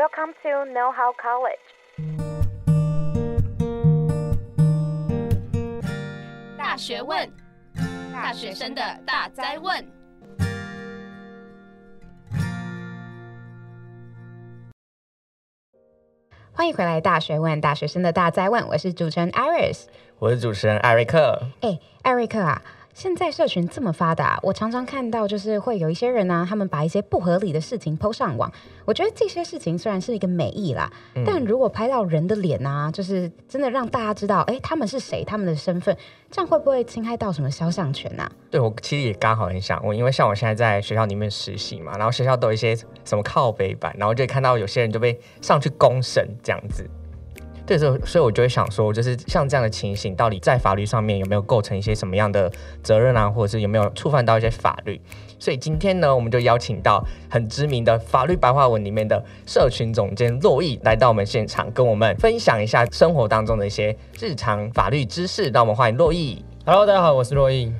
Welcome to Know How College。大學問，大學生的大哉問。歡迎回來，大學問，大學生的大哉問。我是主持人 Iris，我是主持人艾瑞克。哎、欸，艾瑞克啊。現在社群這麼發達，我常常看到就是會有一些人呢、啊，他們把一些不合理的事情拋上網。我覺得這些事情雖然是一個美意啦，但如果拍到人的臉啊，就是真的讓大家知道，哎，他們是誰，他們的身份，這樣會不會侵害到什麼肖像權啊？對我其實也剛好很想問，因為像我現在在學校裡面實習嘛，然後學校都有一些什麼靠北版，然後就看到有些人就被上去公審這樣子。所以，所以我就會想說，就是像這樣的情形，到底在法律上面有沒有構成一些什麼樣的責任啊，或者是有沒有觸犯到一些法律？所以今天呢，我們就邀請到很知名的法律白話文裡面的社群總監珞亦來到我們現場，跟我們分享一下生活當中的一些日常法律知識。讓我們歡迎珞亦。Hello，大家好，我是珞亦。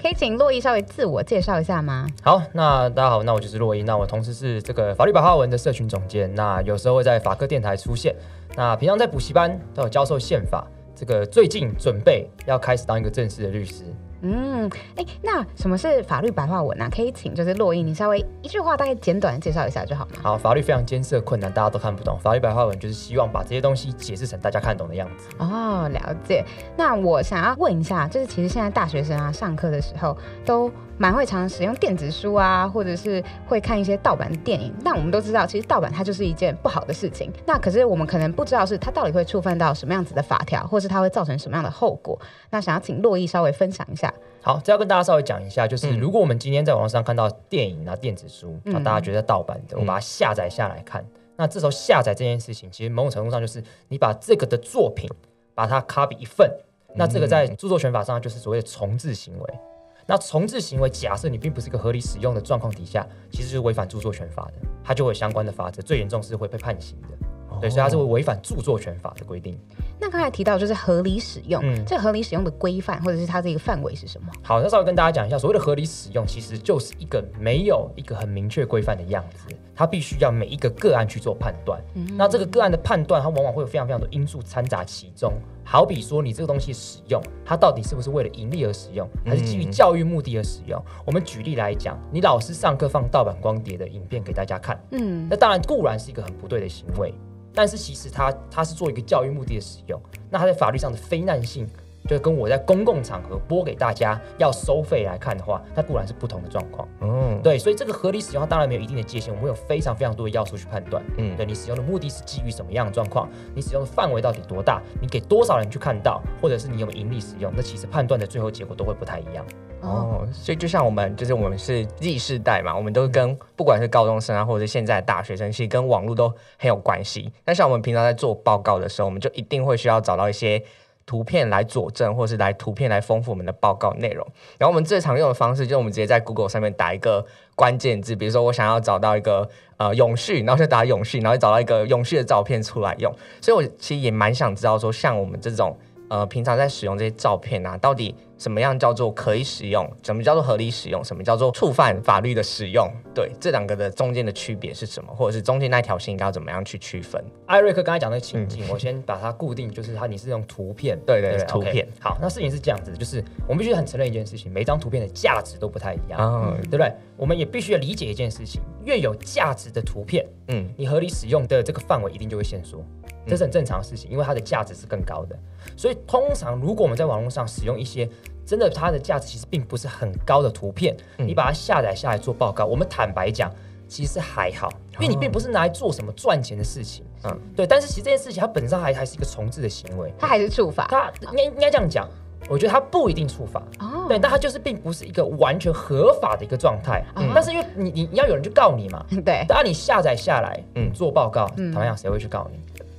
可以請珞亦稍微自我介紹一下嗎？好，那大家好，那我就是珞亦，那我同時是這個法律白話文的社群總監，那有時候會在法科電台出現，那平常在補習班都有教授憲法，這個最近準備要開始當一個正式的律師。嗯，哎，那什麼是法律白話文啊？可以請就是珞亦，你稍微一句話大概簡短的介紹一下就好嗎？好，法律非常艱澀困難，大家都看不懂。法律白話文就是希望把這些東西解釋成大家看懂的樣子。哦，了解。那我想要問一下，就是其實現在大學生啊，上課的時候都蠻會常使用電子書啊，或者是會看一些盜版的電影。那我們都知道，其實盜版它就是一件不好的事情。那可是我們可能不知道，是它到底會觸犯到什麼樣子的法條，或是它會造成什麼樣的後果。那想要請珞亦稍微分享一下。好，這要跟大家稍微講一下，就是如果我們今天在網上看到電影啊、電子書啊，嗯、大家覺得盜版的，我把它下載下來看，嗯、那這時候下載這件事情，其實某種程度上就是你把這個的作品把它 copy 一份，那這個在著作權法上就是所謂的重制行為，嗯、那重制行為，假設你並不是一個合理使用的狀況底下，其實就是違反著作權法的，它就會有相關的法則，最嚴重是會被判刑的。對，所以他是會違反著作權法的規定。哦、那剛才提到就是合理使用，嗯、這合理使用的規範或者是它這個範圍是什麼？好，那稍微跟大家講一下，所謂的合理使用，其實就是一個沒有一個很明確規範的樣子，它必須要每一個個案去做判斷。嗯嗯，那這個個案的判斷，它往往會有非常非常多因素摻雜其中。好比說，你這個東西使用，它到底是不是為了盈利而使用，還是基於教育目的而使用？嗯、我們舉例來講，你老師上課放盜版光碟的影片給大家看，嗯，那當然固然是一個很不對的行為。但是其實它、它是做一個教育目的的使用，那它在法律上的非難性，就跟我在公共場合播給大家要收費來看的話，那固然是不同的狀況。嗯，對，所以這個合理使用它當然沒有一定的界限，我們有非常非常多的要素去判斷。嗯，對，你使用的目的是基於什麼樣的狀況？你使用的範圍到底多大？你給多少人去看到？或者是你有沒有盈利使用？那其實判斷的最後結果都會不太一樣。哦，哦，所以就像我們，就是我們是 Z 世代嘛，我們都是跟不管是高中生啊，或者是現在的大學生，其實跟網絡都很有關係。那像我們平常在做報告的時候，我們就一定會需要找到一些。圖片來佐證，或是來圖片來豐富我們的報告內容。然後我們最常用的方式，就是我們直接在 Google 上面打一個關鍵字，比如說我想要找到一個呃永續，然後就打永續，然後找到一個永續的照片出來用。所以我其實也蠻想知道，說像我們這種呃平常在使用這些照片啊，到底。什麼樣叫做可以使用？什麼叫做合理使用？什麼叫做觸犯法律的使用？對，這兩個的中間的區別是什麼？或者是中間那條線應該要怎麼樣去區分？艾瑞克剛才講的情境，嗯、我先把它固定，就是它，你是用圖片，對對對，對，對，圖片、okay。好，那事情是這樣子，就是我們必須很承認一件事情，每張圖片的價值都不太一樣，哦嗯、對不對？我們也必須要理解一件事情，越有價值的圖片。嗯，你合理使用的這個範圍一定就會限縮，嗯、這是很正常的事情，因為它的價值是更高的。所以通常如果我們在網絡上使用一些真的它的價值其實並不是很高的圖片，嗯、你把它下載下來做報告，我們坦白講，其實還好，因為你並不是拿來做什麼賺錢的事情。哦、嗯，對。但是其實這件事情它本身還是還是一個重製的行為，它還是觸法。它應應該這樣講。我覺得他不一定觸法，oh. 對，但他就是並不是一個完全合法的一個狀態、oh. 嗯。但是因為你你你要有人去告你嘛，對，那你下載下來，對嗯，做報告，台灣誰會去告你？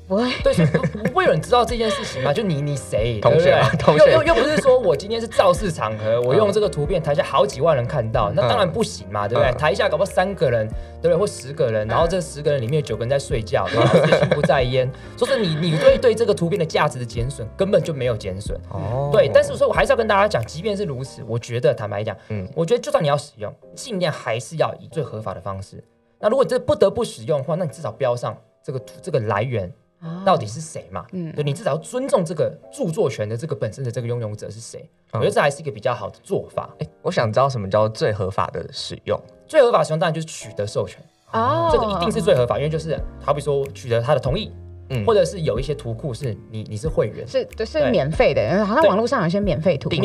不對，不不會有人知道這件事情嗎？就你，你誰，對不對？同學、啊？同學，又又又不是說我今天是造勢場合，我用這個圖片，台下好幾萬人看到，uh, 那當然不行嘛，對不對？Uh, 台下搞不好三個人，對不對？或十個人，uh. 然後這十個人裡面九個人在睡覺，然後、uh. 心不在焉， 說你，你對你對,對這個圖片的價值的減損根本就沒有減損。哦、oh. 嗯。對，但是我說我還是要跟大家講，即便是如此，我覺得坦白講，嗯，我覺得就算你要使用，盡量還是要以最合法的方式。那如果這不得不使用的話，那你至少標上這個圖這個來源。到底是誰嘛、哦？嗯，對，你至少要尊重這個著作權的這個本身的這個擁有者是誰。我覺得這還是一個比較好的做法、嗯。哎，欸、我想知道什麼叫做最合法的使用？最合法使用當然就是取得授權哦，這個一定是最合法，因為就是好比說取得他的同意。或者是有一些圖庫是你你是會員，是是免費的，對好像網絡上有些免費圖片，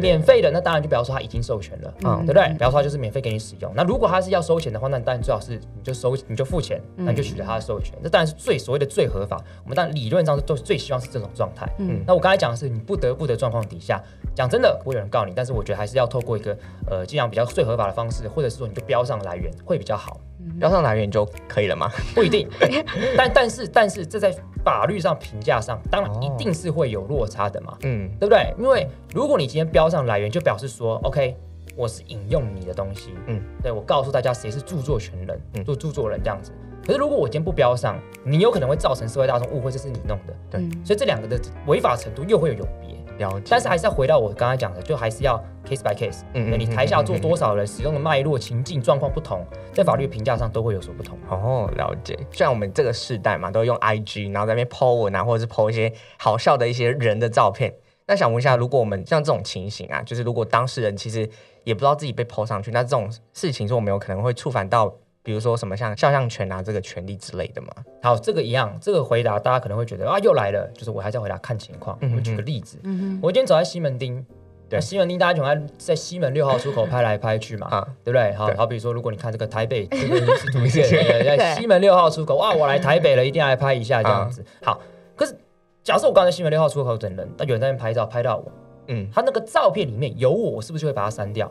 免費的，那當然就不要說他已經授權了，嗯，對不對？不要說他就是免費給你使用。嗯、那如果他是要收錢的話，那當然最好是你就收，你就付錢，那你就取得他的授權，嗯、那當然是最所謂的最合法。我們當然理論上都最希望是這種狀態。嗯，那我剛才講的是你不得不的狀況底下，講真的不會有人告你，但是我覺得還是要透過一個呃，盡量比較最合法的方式，或者是說你就標上來源會比較好。標上來源就可以了嗎？不一定， 但但是但是這在法律上評價上，當然一定是會有落差的嘛，oh. 嗯，對不對？因為如果你今天標上來源，就表示說，OK，我是引用你的東西，嗯，對我告訴大家誰是著作權人，做、嗯、著,著作人這樣子。可是如果我今天不標上，你有可能會造成社會大眾誤會這是你弄的，對、嗯，所以這兩個的違法程度又會有有別。了解，但是還是要回到我剛才講的，就還是要 case by case。嗯，你台下坐多少人，使用的脈絡、情境、狀況不同，在法律評價上都會有所不同。哦，了解。像我們這個世代嘛，都用 IG，然後在那邊 po 文啊，或者是 po 一些好笑的一些人的照片。那想問一下，如果我們像這種情形啊，就是如果當事人其實也不知道自己被 po 上去，那這種事情是我們有可能會觸犯到？比如說什麼像肖像權啊，這個權利之類的嘛。好，這個一樣，這個回答大家可能會覺得啊，又來了，就是我還在回答看情況。我舉個例子，我今天走在西門町，對，西門町大家喜歡在西門六號出口拍來拍去嘛，對不對？好好比如說，如果你看這個台北圖片，西門六號出口，啊，我來台北了，一定要來拍一下這樣子。好，可是假設我剛才西門六號出口等人，那有人在那邊拍照拍到我，嗯，他那個照片裡面有我，我是不是就會把它刪掉？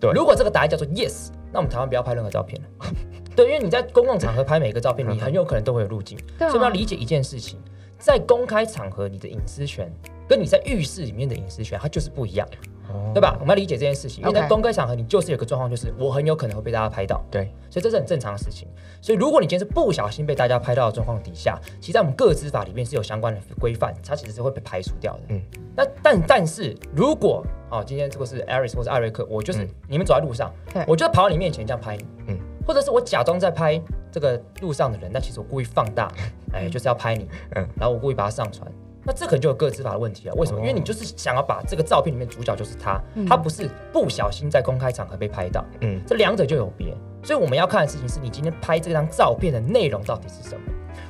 對，如果這個答案叫做 yes。那我們台灣不要拍任何照片了， 對，因為你在公共場合拍每個照片， 你很有可能都會有路徑，啊、所以我要理解一件事情，在公開場合你的隱私權，跟你在浴室裡面的隱私權，它就是不一樣。對吧？Oh. 我們要理解這件事情，Okay. 因為在公開場合，你就是有一個狀況，就是我很有可能會被大家拍到。對，Okay. 所以這是很正常的事情。所以如果你今天是不小心被大家拍到的狀況底下，其實在我們個資法裡面是有相關的規範，它其實是會被排除掉的。嗯。那但但是如果哦，今天這個是 Iris 或者艾瑞克，我就是、嗯、你們走在路上，對 Okay. 我就要跑到你面前這樣拍你，嗯，或者是我假裝在拍這個路上的人，那其實我故意放大，嗯、哎，就是要拍你，嗯，然後我故意把它上傳。那這可能就有個執法的問題了，為什麼？因為你就是想要把這個照片裡面主角就是他，嗯、他不是不小心在公開場合被拍到，嗯，這兩者就有別。所以我們要看的事情是你今天拍這張照片的內容到底是什麼。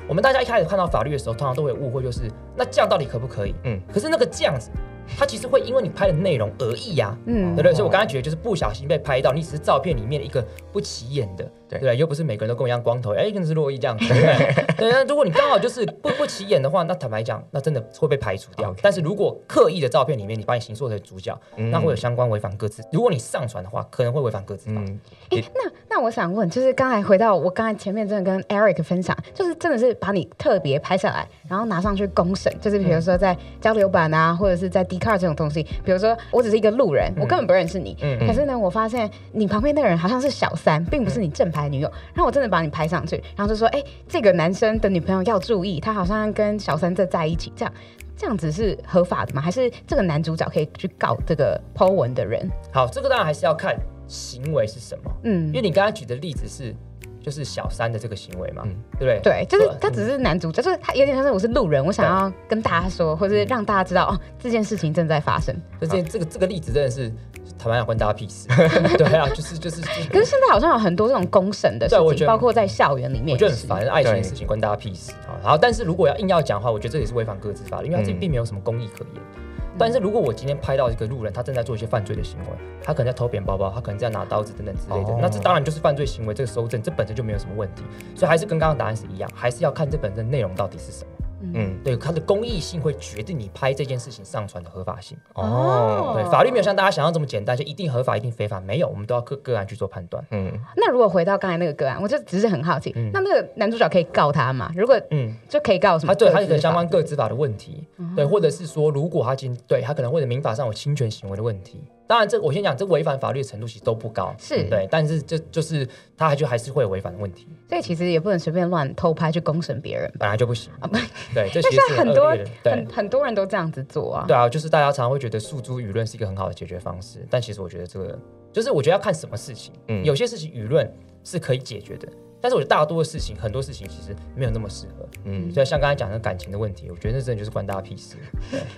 我們大家一開始看到法律的時候，通常都會誤會，就是那這樣到底可不可以？嗯，可是那個這樣子，它其實會因為你拍的內容而異呀、啊，嗯，對不對？所以我剛才舉的就是不小心被拍到，你只是照片裡面一個不起眼的。對，又不是每個人都跟我一樣光頭，哎、欸，可能是珞亦這樣子。 對，那如果你剛好就是不不起眼的話，那坦白講，那真的會被排除掉。Okay. 但是如果刻意的照片裡面，你把你形塑成主角，嗯、那會有相關違反個資。如果你上傳的話，可能會違反個資。哎、嗯欸，那那我想問，就是剛才回到我剛才前面真的跟 Eric 分享，就是真的是把你特別拍下來，然後拿上去公審，就是比如說在交流版啊，或者是在 Dcard 這種東西，比如說我只是一個路人，嗯、我根本不認識你，可、嗯嗯、是呢，我發現你旁邊那個人好像是小三，並不是你正牌、嗯。女友，然後我真的把你拍上去，然後就說：“欸，這個男生的女朋友要注意，他好像跟小三在在一起。”這樣這樣子是合法的嗎？還是這個男主角可以去告這個 po 文的人？好，這個當然還是要看行為是什麼。嗯，因為你剛剛舉的例子是。就是小三的這個行為嘛，對不對？對，就是他只是男主角，就是他有點像是我是路人，我想要跟大家說，或是讓大家知道哦，這件事情正在發生。這件這個這個例子真的是坦白講關大家屁事，對啊，就是就是。可是現在好像有很多這種公審的事情，包括在校園裡面。我就很煩，愛情的事情關大家屁事啊！然後，但是如果要硬要講的話，我覺得這也是違反個資法律，因為這並沒有什麼公益可言。但是如果我今天拍到一個路人，他正在做一些犯罪的行為，他可能在偷扁包包，他可能在拿刀子等等之類的，哦、那這當然就是犯罪行為。這個蒐證，這本身就沒有什麼問題。所以還是跟剛剛答案是一樣，還是要看這本身內容到底是什麼。嗯，對，它的公益性會決定你拍這件事情上傳的合法性。哦，對，法律沒有像大家想象這麼簡單，就一定合法，一定非法，沒有，我們都要個個案去做判斷。嗯，那如果回到剛才那個個案，我就只是很好奇，嗯、那那個男主角可以告他嗎？如果嗯，就可以告什麼？啊，對，他有個相關個資法的問題，哦、對，或者是說，如果他今對他可能或者民法上有侵權行為的問題。當然這，這我先講，這違反法律的程度其實都不高，是對，但是這就是他還就還是會有違反的問題。所以其實也不能隨便亂偷拍去公審別人，本來就不行啊，對。但是很，但很多對很很多人都這樣子做啊，對啊，就是大家常常會覺得訴諸輿論是一個很好的解決方式，但其實我覺得這個就是我覺得要看什麼事情，嗯、有些事情輿論是可以解決的。但是我覺得大多的事情，很多事情其實沒有那麼適合。嗯，所以像剛才講的感情的問題，我覺得那真的就是關大家屁事。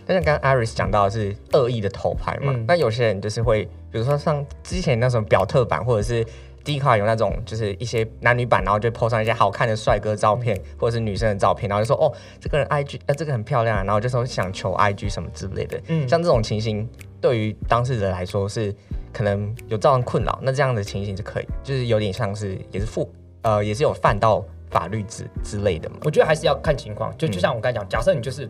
就像剛剛 Iris 講到的是惡意的偷拍嘛，嗯、那有些人就是會，比如說像之前那種表特版或者是 D 卡有那種，就是一些男女版，然後就 po 上一些好看的帥哥照片、嗯、或者是女生的照片，然後就說哦，這個人 IG，那、啊、這個很漂亮、啊，然後就說想求 IG 什麼之類的。嗯，像這種情形，對於當事人來說是可能有造成困擾。那這樣的情形就可以，就是有點像是也是負。呃，也是有犯到法律之之類的嘛。我覺得還是要看情況，就就像我剛才講，假設你就是，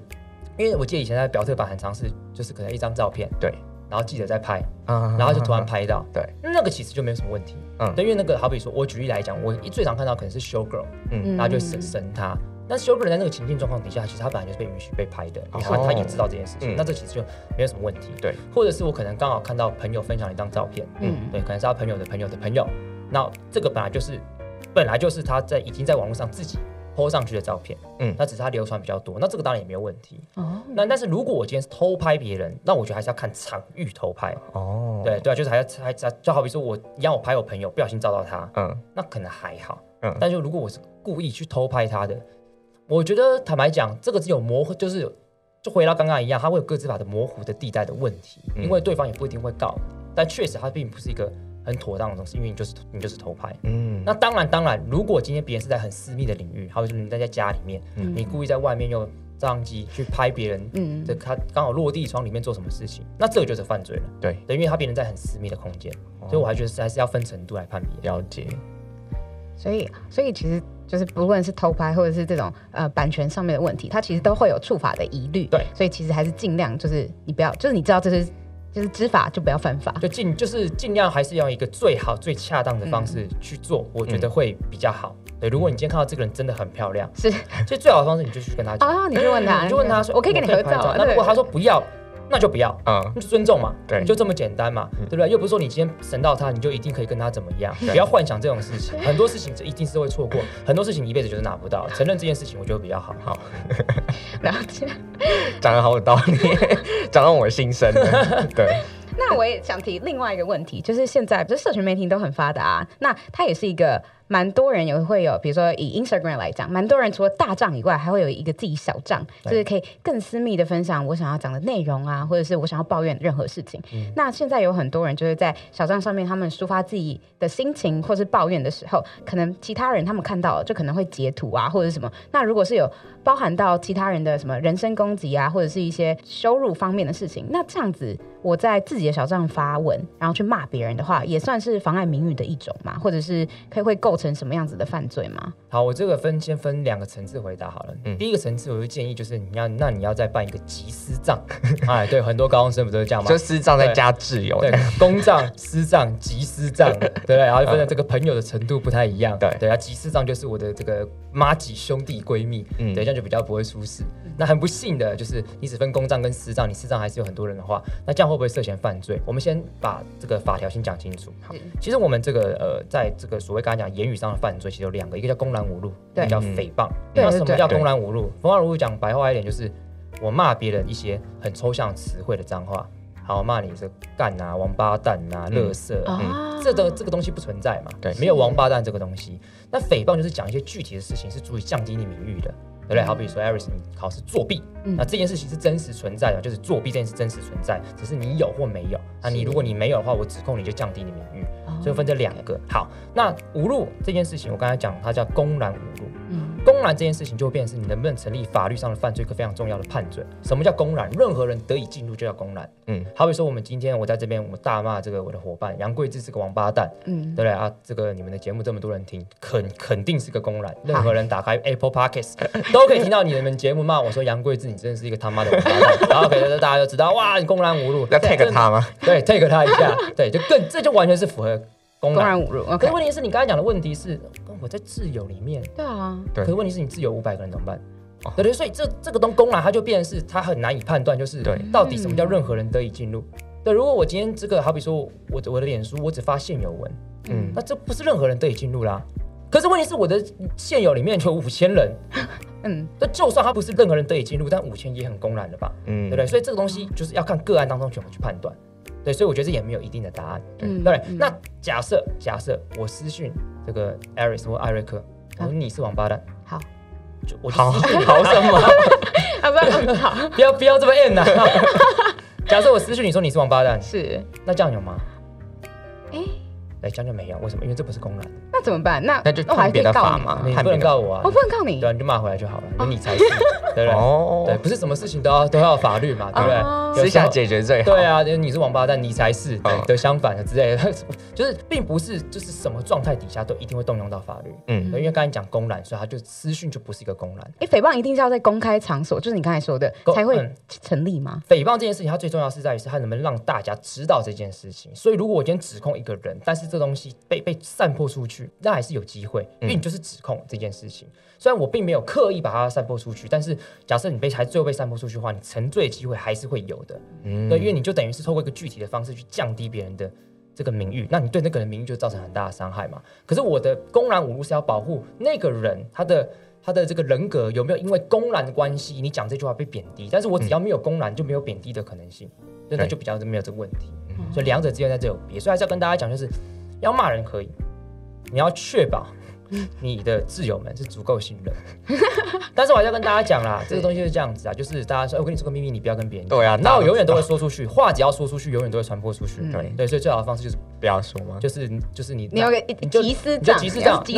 因為我記得以前在表特版很常是，就是可能一張照片，對，然後記者在拍，嗯，然後就突然拍到，對，那個其實就沒有什麼問題，嗯，但因為那個好比說，我舉例來講，我一最常看到可能是 show girl，嗯，然後就神神他，但 show girl 在那個情境狀況底下，其實他本來就是被允許被拍的，你他也知道這件事情，那這其實就沒有什麼問題，對，或者是我可能剛好看到朋友分享了一張照片，嗯，對，可能是他朋友的朋友的朋友，那這個本來就是。本來就是他在已經在網絡上自己 po 上去的照片，嗯，那只是他流傳比較多，那這個當然也沒有問題。哦，那但是如果我今天是偷拍別人，那我覺得還是要看場域偷拍。哦，對對啊，就是還要還要，就好比說我要我拍我朋友，不小心照到他，嗯，那可能還好。嗯，但就如果我是故意去偷拍他的，我覺得坦白講，這個只有模糊，就是就回到剛剛一樣，他會有各自法的模糊的地帶的問題，嗯，因為對方也不一定會告，但確實他並不是一個。很妥當的東西，因為你就是你就是偷拍。嗯，那當然當然，如果今天別人是在很私密的領域，還有就是你在在家裡面，嗯、你故意在外面用照相機去拍別人，嗯，這他剛好落地窗裡面做什麼事情，嗯、那這個就是犯罪了。對，等因為他別人在很私密的空間，對所以我還覺得是還是要分程度來判別。了解。所以，所以其實就是不論是偷拍或者是這種呃版權上面的問題，它其實都會有觸法的疑慮。對，所以其實還是盡量就是你不要，就是你知道這是。就是知法就不要犯法，就盡就是盡量還是用一個最好最恰當的方式去做，嗯、我覺得會比較好。嗯、對，如果你今天看到這個人真的很漂亮，是，其實最好的方式你就去跟他講、 哦，你就問他，嗯嗯、你就問他說，我可以跟你合照？那如果他說不要。那就不要啊，嗯、尊重嘛，對，就這麼簡單嘛，對不對？又不是說你今天神到他，你就一定可以跟他怎麼樣？對不要幻想這種事情，對很多事情一定是會錯過，對很多事情一輩子就是拿不到。承認這件事情，我覺得比較好。好，了解好。講得 好有道理，講 到我的心聲。對。 那我也想提另外一個問題，就是現在不是社群媒體都很發達、啊，那它也是一個。蠻多人也會有，比如說以 Instagram 來講，蠻多人除了大賬以外，還會有一個自己小賬就是可以更私密的分享我想要講的內容啊，或者是我想要抱怨任何事情。嗯。那現在有很多人就是在小賬上面，他們抒發自己的心情或是抱怨的時候，可能其他人他們看到了，就可能會截圖啊，或者是什麼。那如果是有包含到其他人的什麼人身攻擊啊，或者是一些羞辱方面的事情，那這樣子我在自己的小賬發文，然後去罵別人的話，也算是妨礙名譽的一種嘛，或者是可以會夠造成什麼樣子的犯罪嗎？好，我這個分先分兩個層次回答好了。嗯，第一個層次我就建議就是你要那你要再辦一個集私賬， 哎，對，很多高中生不都是這樣嗎？ 就私賬再加摯友，對，對 公賬、私賬、集私賬，對不 對？然後就分成這個朋友的程度不太一樣， 對，對，要集私賬就是我的這個麻吉兄弟閨蜜，嗯對，這樣就比較不會出事。那很不幸的就是，你只分公賬跟私賬，你私賬還是有很多人的話，那這樣會不會涉嫌犯罪？我們先把這個法條先講清楚。好，其實我們這個呃，在這個所謂剛才講言語上的犯罪，其實有兩個，一個叫公然侮辱，一個叫誹謗。那什麼叫公然侮辱？講白話一點就是，我罵別人一些很抽象詞彙的髒話，好罵你是幹啊，王八蛋啊，垃圾，這的這個東西不存在嘛，沒有王八蛋這個東西。那誹謗就是講一些具體的事情，是足以降低你名譽的。對不對？好，比如說 Iris，你考試作弊，嗯、那這件事情是真實存在的，就是作弊這件事真實存在，只是你有或沒有。那是、啊、你如果你沒有的話，我指控你就降低你名譽，哦、所以分這兩個。好，那侮辱這件事情，我剛才講，它叫公然侮辱。公然這件事情就會變成你能不能成立法律上的犯罪一個非常重要的判準。什麼叫公然？任何人得以進入就叫公然。嗯，好比說我們今天我在這邊，我大罵這個我的夥伴楊貴智是個王八蛋，嗯，對不對啊？這個你們的節目這麼多人聽，肯肯定是個公然。任何人打開 Apple Podcast 哈都可以聽到你們節目罵我說楊貴智你真的是一個他媽的王八蛋， 然後可以讓大家都知道哇，你公然侮辱。要 tag 他嗎？對，對，tag 他一下，對，就更這就完全是符合。公然侮辱啊！可是問題是你剛才講的問題是，我在自由裡面，對啊，對。可是問題是你自由五百個人怎麼辦？對對，所以這這個東公然，它就變成是它很難以判斷，就是到底什麼叫任何人得以進入。對，如果我今天這個好比說，我我的臉書我只發現有文，嗯，那這不是任何人得以進入啦。可是問題是我的現有裡面有五千人，嗯，那就算他不是任何人得以進入，但五千也很公然了吧？嗯，對不對？所以這個東西就是要看個案當中怎麼去判斷。對，所以我覺得這也沒有一定的答案。對，那假設假設我私訊這個艾瑞斯或艾瑞克，說你是王八蛋，好，我好逃生嗎？不要不要不要這麼硬啊！嗯、好 假設我私訊你說你是王八蛋，是那這樣有嗎？哎誒，這樣就沒有，為什麼？因為這不是公然。那怎麼辦？那那就判別的法嘛，你不能告我啊，我不能告你，對，你就罵回來就好了，哦、你才是，對不對？哦，對，不是什麼事情都要都要法律嘛，對不對？私下解決這好。對啊，你是王八蛋，你才是對、哦、的相反的之類的，就是並不是就是什麼狀態底下都一定會動用到法律。嗯，因為剛才講公然，所以他就私訊就不是一個公然。哎、欸，誹謗一定是要在公開場所，就是你剛才說的才會成立嗎？誹謗、嗯、這件事情，它最重要的是在於它能不能讓大家知道這件事情。所以如果我今天指控一個人，但是這東西被被散播出去。那還是有機會，因為你就是指控這件事情。嗯、雖然我並沒有刻意把它散播出去，但是假設你被還最後被散播出去的話，你成罪的機會還是會有的。那、嗯、因為你就等於是透過一個具體的方式去降低別人的這個名譽，那你對那個人的名譽就造成很大的傷害嘛。可是我的公然侮辱是要保護那個人他的他的這個人格有沒有因為公然的關係你講這句話被貶低？但是我只要沒有公然，就沒有貶低的可能性，所以、嗯、那就比較沒有這個問題。嗯、所以兩者之間在這有別，所以還是要跟大家講，就是要罵人可以。你要確保你的摯友們是足夠信任，但是我還是要跟大家講啦，這個東西是這樣子啊，就是大家說，我跟你說個秘密，你不要跟別人講。對啊，那我永遠都會說出去，話只要說出去，永遠都會傳播出去。對，所以最好的方式就是不要說嘛，就是就是你，你有個 IG 私帳，那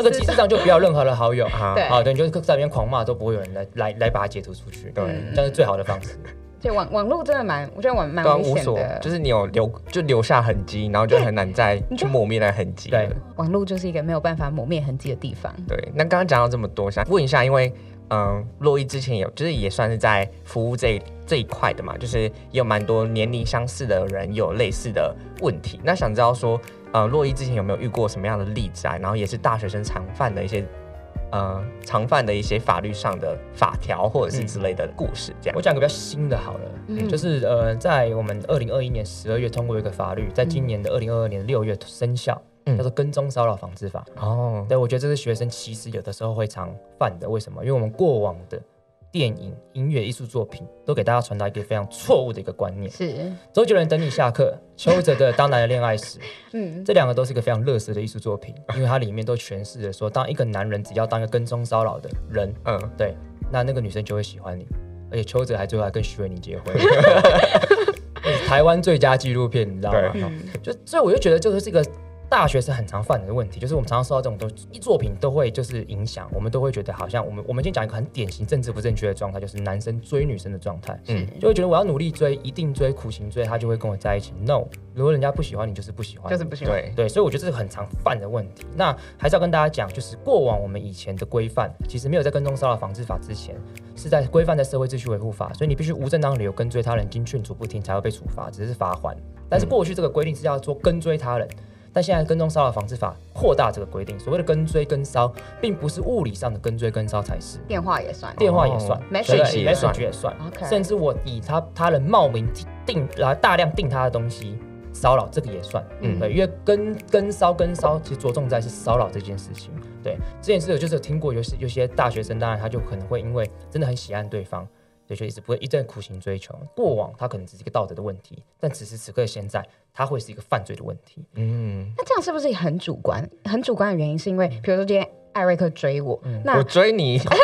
個 IG 私帳就不要任何的好友，好，對，你就在那邊狂罵，都不會有人來來來把它截圖出去，對，這樣是最好的方式。對，網網絡真的蠻，我覺得網蠻、啊、危險的、無所，就是你有留就留下痕跡，然後就很難再去抹滅的痕跡。對，網絡就是一個沒有辦法抹滅痕跡的地方。對，那剛剛講到這麼多，想問一下，因為嗯，珞亦之前有就是也算是在服務這一這一塊的嘛，就是也有蠻多年齡相似的人有類似的問題，那想知道說，呃、嗯，珞亦之前有沒有遇過什麼樣的例子啊？然後也是大學生常犯的一些。呃，常犯的一些法律上的法條或者是之類的、嗯、故事，這樣我講個比較新的好了，嗯、就是呃，在我們二零二一年十二月通過一個法律，在今年的二零二二年六月生效，嗯、叫做跟蹤騷擾防治法。哦、嗯，對我覺得這是學生其實有的時候會常犯的，為什麼？因為我們過往的。電影、音樂、藝術作品都給大家傳達一個非常錯誤的一個觀念。是周杰倫《等你下課》，邱 澤的《當男人戀愛時》， 嗯，這兩個都是一個非常樂色的藝術作品，因為它裡面都詮釋了說，當一個男人只要當一個跟蹤騷擾的人，嗯，對，那那個女生就會喜歡你，而且邱澤還最後還跟許瑋甯結婚， 台灣最佳紀錄片，你知道嗎？對嗯，就所以我就覺得，就是這個。大學是很常犯的問題，就是我們常常受到這種東西一作品都會就是影響，我們都會覺得好像我們我們今天講一個很典型、政治不正確的狀態，就是男生追女生的狀態，嗯，就會覺得我要努力追，一定追，苦行追，他就會跟我在一起。No，如果人家不喜歡你，就是不喜歡，就是不喜歡，對，所以我覺得這是很常犯的問題。那還是要跟大家講，就是過往我們以前的規範，其實沒有在跟蹤騷擾防治法之前，是在規範在社會秩序維護法，所以你必須無正當理由跟追他人，經勸阻不聽才會被處罰，只是罰鍰。但是過去這個規定是要做跟追他人。但現在跟蹤騷擾防制法擴大這個規定，所謂的跟追跟騷並不是物理上的跟追跟騷才是電話，電話也算，電話也算，消息、消息也算，也算 Okay. 甚至我以他他人冒名訂來大量訂他的東西騷擾，這個也算，對，嗯、因為跟跟騷跟騷其實着重在是騷擾這件事情，對，這件事情我就是有聽過，有些有些大學生，當然他就可能會因為真的很喜愛對方。也就一直不會一陣苦心追求，過往它可能只是一個道德的問題，但此時此刻現在，它會是一個犯罪的問題。嗯，嗯，那這樣是不是也很主觀？很主觀的原因是因為，譬如說今天艾瑞克追我，嗯、那我追你，還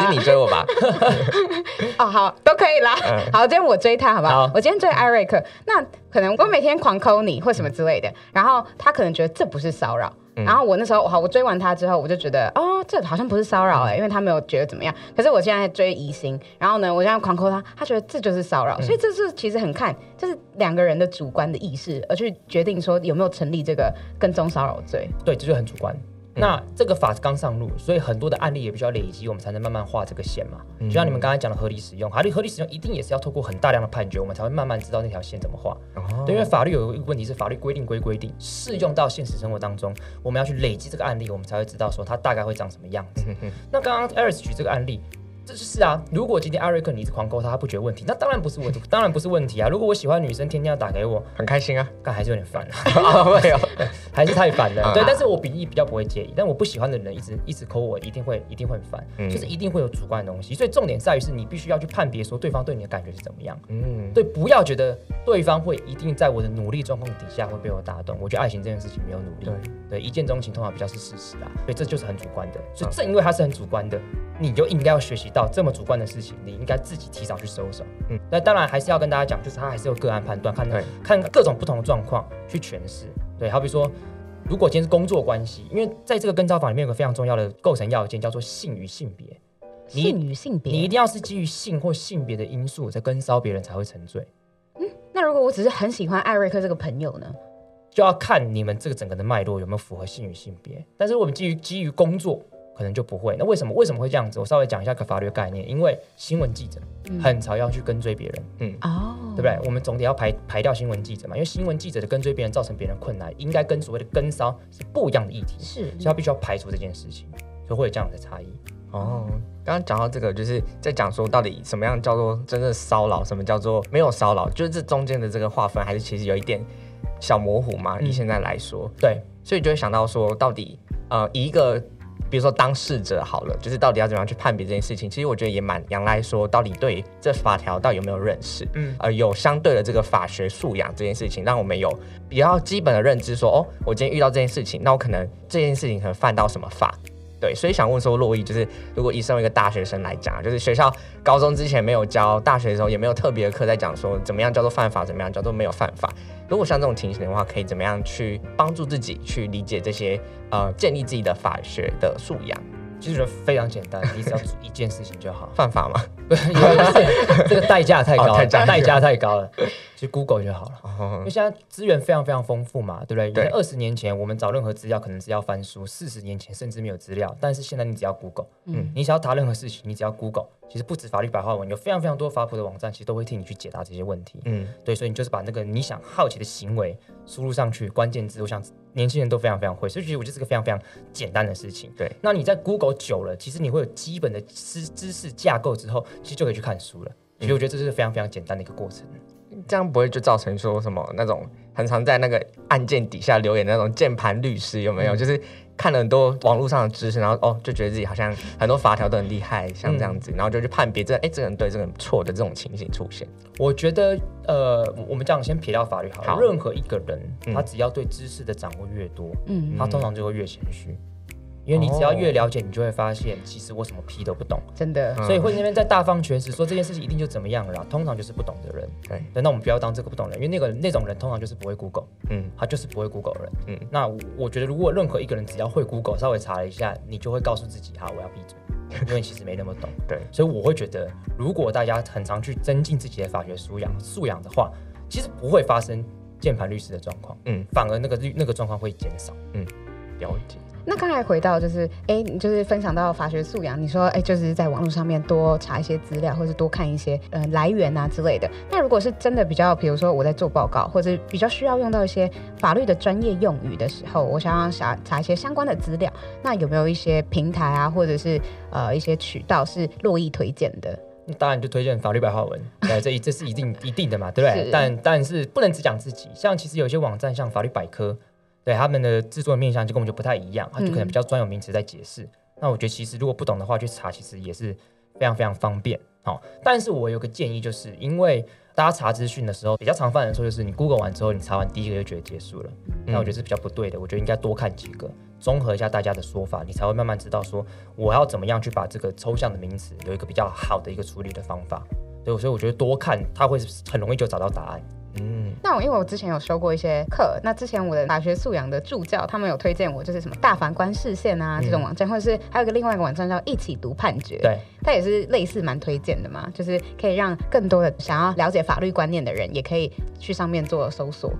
是你追我吧 ？ 哦，好，都可以啦。好，今天我追他，好不好？嗯、好，我今天追艾瑞克，那可能我每天狂扣你或什麼之類的，嗯、然後他可能覺得這不是騷擾。然後我那時候好，我追完他之後，我就覺得哦，這好像不是騷擾哎，因為他沒有覺得怎麼樣。可是我現在在追疑心，然後呢，我現在狂扣他，他覺得這就是騷擾，所以這是其實很看，這是兩個人的主觀的意識而去決定說有沒有成立這個跟蹤騷擾罪。對，這就很主觀。那這個法是剛上路，嗯、所以很多的案例也必須要累積，我們才能慢慢畫這個線嘛。嗯、就像你們剛才講的合理使用，合理合理使用一定也是要透過很大量的判決，我們才會慢慢知道那條線怎麼畫。哦哦對，因為法律有一個問題是，法律規定歸規定，適用到現實生活當中，我們要去累積這個案例，我們才會知道說它大概會長什麼樣子。嗯、哼那剛剛 Iris 舉這個案例。這就是啊，如果今天艾瑞克你一直狂勾他，他不覺得問題，那當然不是問題， 當然不是問題啊。如果我喜歡的女生天天要打給我，很開心啊，但還是有點煩，啊， 還是太煩了。 了 對，但是我比例比較不會介意，但我不喜歡的人一直一直勾我，一定會一定會很煩，嗯、就是一定會有主觀的東西。所以重點在於是你必須要去判別說對方對你的感覺是怎麼樣。嗯，對，不要覺得對方會一定在我的努力狀況底下會被我打動。我覺得愛情這件事情沒有努力，嗯、對，一見鍾情通常比較是事實啊。所以這就是很主觀的，所以正因為他是很主觀的，嗯、你就應該要學習到這麼主觀的事情，你應該自己提早去收手。嗯，那當然還是要跟大家講，就是他還是有個案判斷，看看各種不同的狀況去詮釋。對，好比說，如果今天是工作關係，因為在這個跟騷法裡面有個非常重要的構成要件，叫做性與性別。性與性別，你一定要是基於性或性別的因素在跟騷別人才會成罪。嗯，那如果我只是很喜歡艾瑞克這個朋友呢？就要看你們這個整個的脈絡有沒有符合性與性別。但是我們基於基於工作。可能就不會。那為什麼為什麼會這樣子？我稍微講一下個法律概念。因為新聞記者很常要去跟追別人，嗯、哦、嗯，對不對？我們總得要排排掉新聞記者嘛，因為新聞記者的跟追別人造成別人困難，應該跟所謂的跟騷是不一樣的議題，是，所以他必須要排除這件事情，所以會有這樣的差異。哦，剛剛講到這個，就是在講說到底什麼樣叫做真正騷擾，什麼叫做沒有騷擾，就是這中間的這個劃分，還是其實有一點小模糊嘛？你、嗯、現在來說，對，所以就會想到說，到底呃以一個。比如說，當事者好了，就是到底要怎麼樣去判別這件事情？其實我覺得也蠻仰賴說，到底對這法條到底有沒有認識，嗯，呃，有相對的這個法學素養這件事情，讓我們有比較基本的認知說，說哦，我今天遇到這件事情，那我可能這件事情可能犯到什麼法。對，所以想問說，珞亦，就是如果以身為一個大學生來講，啊，就是學校高中之前沒有教，大學的時候也沒有特別的課在講說怎麼樣叫做犯法，怎麼樣叫做沒有犯法。如果像這種情形的話，可以怎麼樣去幫助自己去理解這些呃，建立自己的法學的素養？其實非常簡單，你只要做一件事情就好， 犯法嗎？這個代價太高，代價太高了。就 Google 就好了，哦、呵呵因為現在資源非常非常豐富嘛，對不對？因為二十年前我們找任何資料可能只要翻書，四十年前甚至沒有資料，但是現在你只要 Google，嗯，你想要查任何事情，你只要 Google，其實不止法律白話文，有非常非常多法普的網站，其實都會替你去解答這些問題。嗯，對，所以你就是把那個你想好奇的行為輸入上去，關鍵字，我想年輕人都非常非常會，所以其實我覺得這是個非常非常簡單的事情。對，那你在 Google 久了，其實你會有基本的知知識架構之後，其實就可以去看書了。嗯、所以我覺得這是非常非常簡單的一個過程。這樣不會就造成說什麼那種很常在那個案件底下留言的那種鍵盤律師有沒有？嗯、就是看了很多網絡上的知識，然後哦就覺得自己好像很多法條都很厲害，像這樣子，嗯、然後就去判別這哎這個人對、欸、這個人錯、這個、的這種情形出現。我覺得呃，我們這樣先撇掉法律好了，好，任何一個人、嗯、他只要對知識的掌握越多，嗯，他通常就會越謙虛。因為你只要越了解，你就會發現，其實我什麼 p 都不懂，啊，真的，嗯。所以會在那邊在大放厥詞，說這件事情一定就怎麼樣了，啊，通常就是不懂的人。對，那我們不要當這個不懂人，因為那個那種人通常就是不會 Google，嗯，他就是不會 Google 人。嗯，那我，我覺得如果任何一個人只要會 Google，稍微查了一下，你就會告訴自己，哈，我要閉嘴，因為其實沒那麼懂。 對，所以我會覺得，如果大家很常去增進自己的法學素養素養的話，其實不會發生鍵盤律師的狀況。嗯，反而那個律那個狀況會減少。嗯，了解。那剛才回到就是，哎，你就是分享到法學素養，你說，哎，就是在網絡上面多查一些資料，或者多看一些呃來源啊之類的。那如果是真的比較，比如說我在做報告，或者比較需要用到一些法律的專業用語的時候，我想要想查查一些相關的資料，那有沒有一些平台啊，或者是呃一些渠道，是珞亦推薦的？那當然就推薦法律白話文，對，這這是一定 一定的嘛，對不對？是但但是不能只講自己，像其實有些網站，像法律百科。對，他們的製作的面向就跟我們就不太一樣，他就可能比較專有名詞在解釋。嗯、那我覺得其實如果不懂的話去查，其實也是非常非常方便。好、哦，但是我有個建議，就是因為大家查資訊的時候，比較常犯的錯就是你 Google 完之後，你查完第一個就覺得結束了，嗯、那我覺得是比較不對的。我覺得應該多看幾個，綜合一下大家的說法，你才會慢慢知道說我要怎麼樣去把這個抽象的名詞有一個比較好的一個處理的方法。對，所以我覺得多看，他會很容易就找到答案。嗯，那我因為我之前有收過一些課，那之前我的法學素養的助教他們有推薦我，就是什麼大法官釋憲啊這種網站，嗯、或者是還有一個另外一個網站叫一起讀判決，對，它也是類似蠻推薦的嘛，就是可以讓更多的想要了解法律觀念的人也可以去上面做搜索。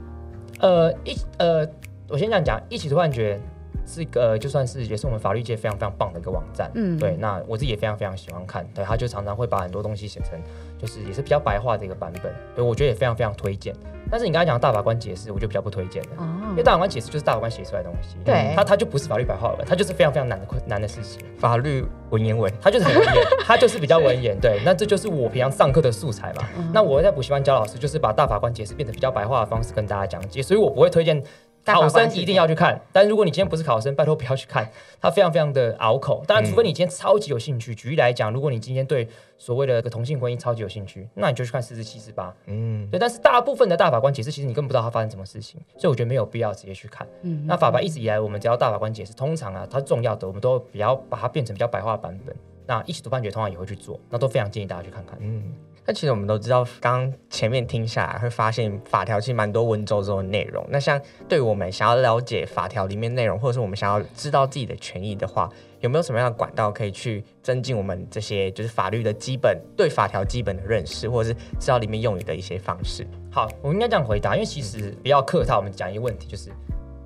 呃，一呃，我先講講一起讀判決，是個就算是也是我們法律界非常非常棒的一個網站，嗯，對，那我自己也非常非常喜歡看，對，他就常常會把很多東西寫成。就是也是比較白話的一個版本，對，我覺得也非常非常推薦。但是你剛才講大法官解釋，我就比較不推薦的，嗯、因為大法官解釋就是大法官寫出來的東西，對，他他就不是法律白話文，他就是非常非常難的難的事情，法律文言文，他就是很文言，他 就是比較文言。以對，那這就是我平常上課的素材嘛。嗯、那我在補習班教老師，就是把大法官解釋變成比較白話的方式跟大家講解，所以我不會推薦。考生一定要去看，但如果你今天不是考生，嗯、拜託不要去看，它非常非常的拗口。當然，除非你今天超級有興趣。嗯、舉例來講，如果你今天對所謂的個同性婚姻超級有興趣，那你就去看七四八。嗯，對。但是大部分的大法官解釋，其實你根本不知道它發生什麼事情，所以我覺得沒有必要直接去看。嗯嗯、那法白一直以來，我們只要大法官解釋，通常啊，它重要的我們都比較把它變成比較白話版本。嗯、那一起讀判決通常也會去做，那都非常建議大家去看看。嗯。那其實我們都知道，剛剛前面聽下來會發現法條其實蠻多文縐縐的內容。那像對我們想要了解法條裡面內容，或者是我們想要知道自己的權益的話，有沒有什麼樣的管道可以去增進我們這些就是法律的基本，對法條基本的認識，或者是知道裡面用語的一些方式？好，我們應該這樣回答，因為其實比較客套，我們講一個問題就是。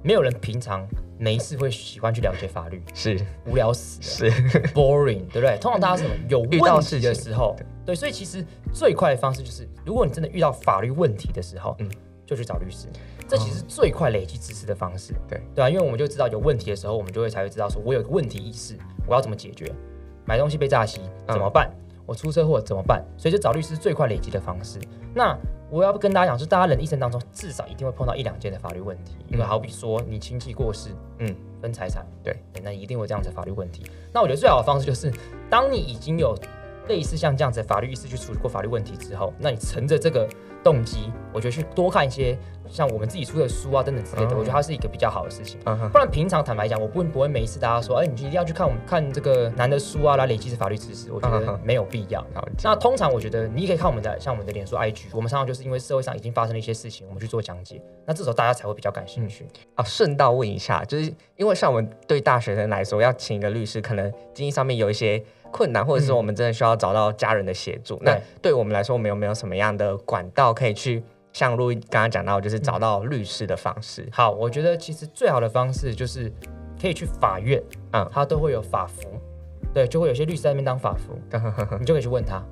沒有人平常沒事會喜歡去了解法律，是無聊死的，是 boring，對不對？通常大家是什麼有遇到事的時候，對,對，所以其實最快的方式就是，如果你真的遇到法律問題的時候，嗯，就去找律師，這其實是最快累積知識的方式，對、嗯、對啊，因為我們就知道有問題的時候，我們就會才會知道說，我有個問題意識，我要怎麼解決？買東西被詐欺怎麼辦？嗯我出車禍怎麼辦？所以就找律師最快累積的方式。那我要不跟大家講，是大家人的一生當中至少一定會碰到一兩件的法律問題，因為好比說你親戚過世，嗯，分財產，對，對，那一定會這樣子的法律問題。那我覺得最好的方式就是，當你已經有類似像這樣子的法律意識去處理過法律問題之後，那你乘着這個。動機，我覺得去多看一些像我們自己出的書啊，等等之類的，uh huh. 我覺得它是一個比較好的事情。嗯哼、uh。Huh. 不然平常坦白講，我不會不會每一次大家說，哎、欸，你就一定要去看我們看這個男的書啊，來累積是法律知識，我覺得沒有必要。Uh huh. 那通常我覺得，你可以看我們的像我們的臉書 IG，、uh huh. 我們常常就是因為社會上已經發生了一些事情，我們去做講解，那這時候大家才會比較感興趣。嗯、啊，順道問一下，就是因為像我們對大學生來說，要請一個律師，可能經濟上面有一些困難，或者是說我們真的需要找到家人的協助。嗯、那對我們來說，我們有沒有什麼樣的管道？可以去像珞亦剛剛講到，就是找到律師的方式。好，我覺得其實最好的方式就是可以去法院，啊、嗯，他都會有法服，對，就會有些律師在那邊當法服， 你就可以去問他。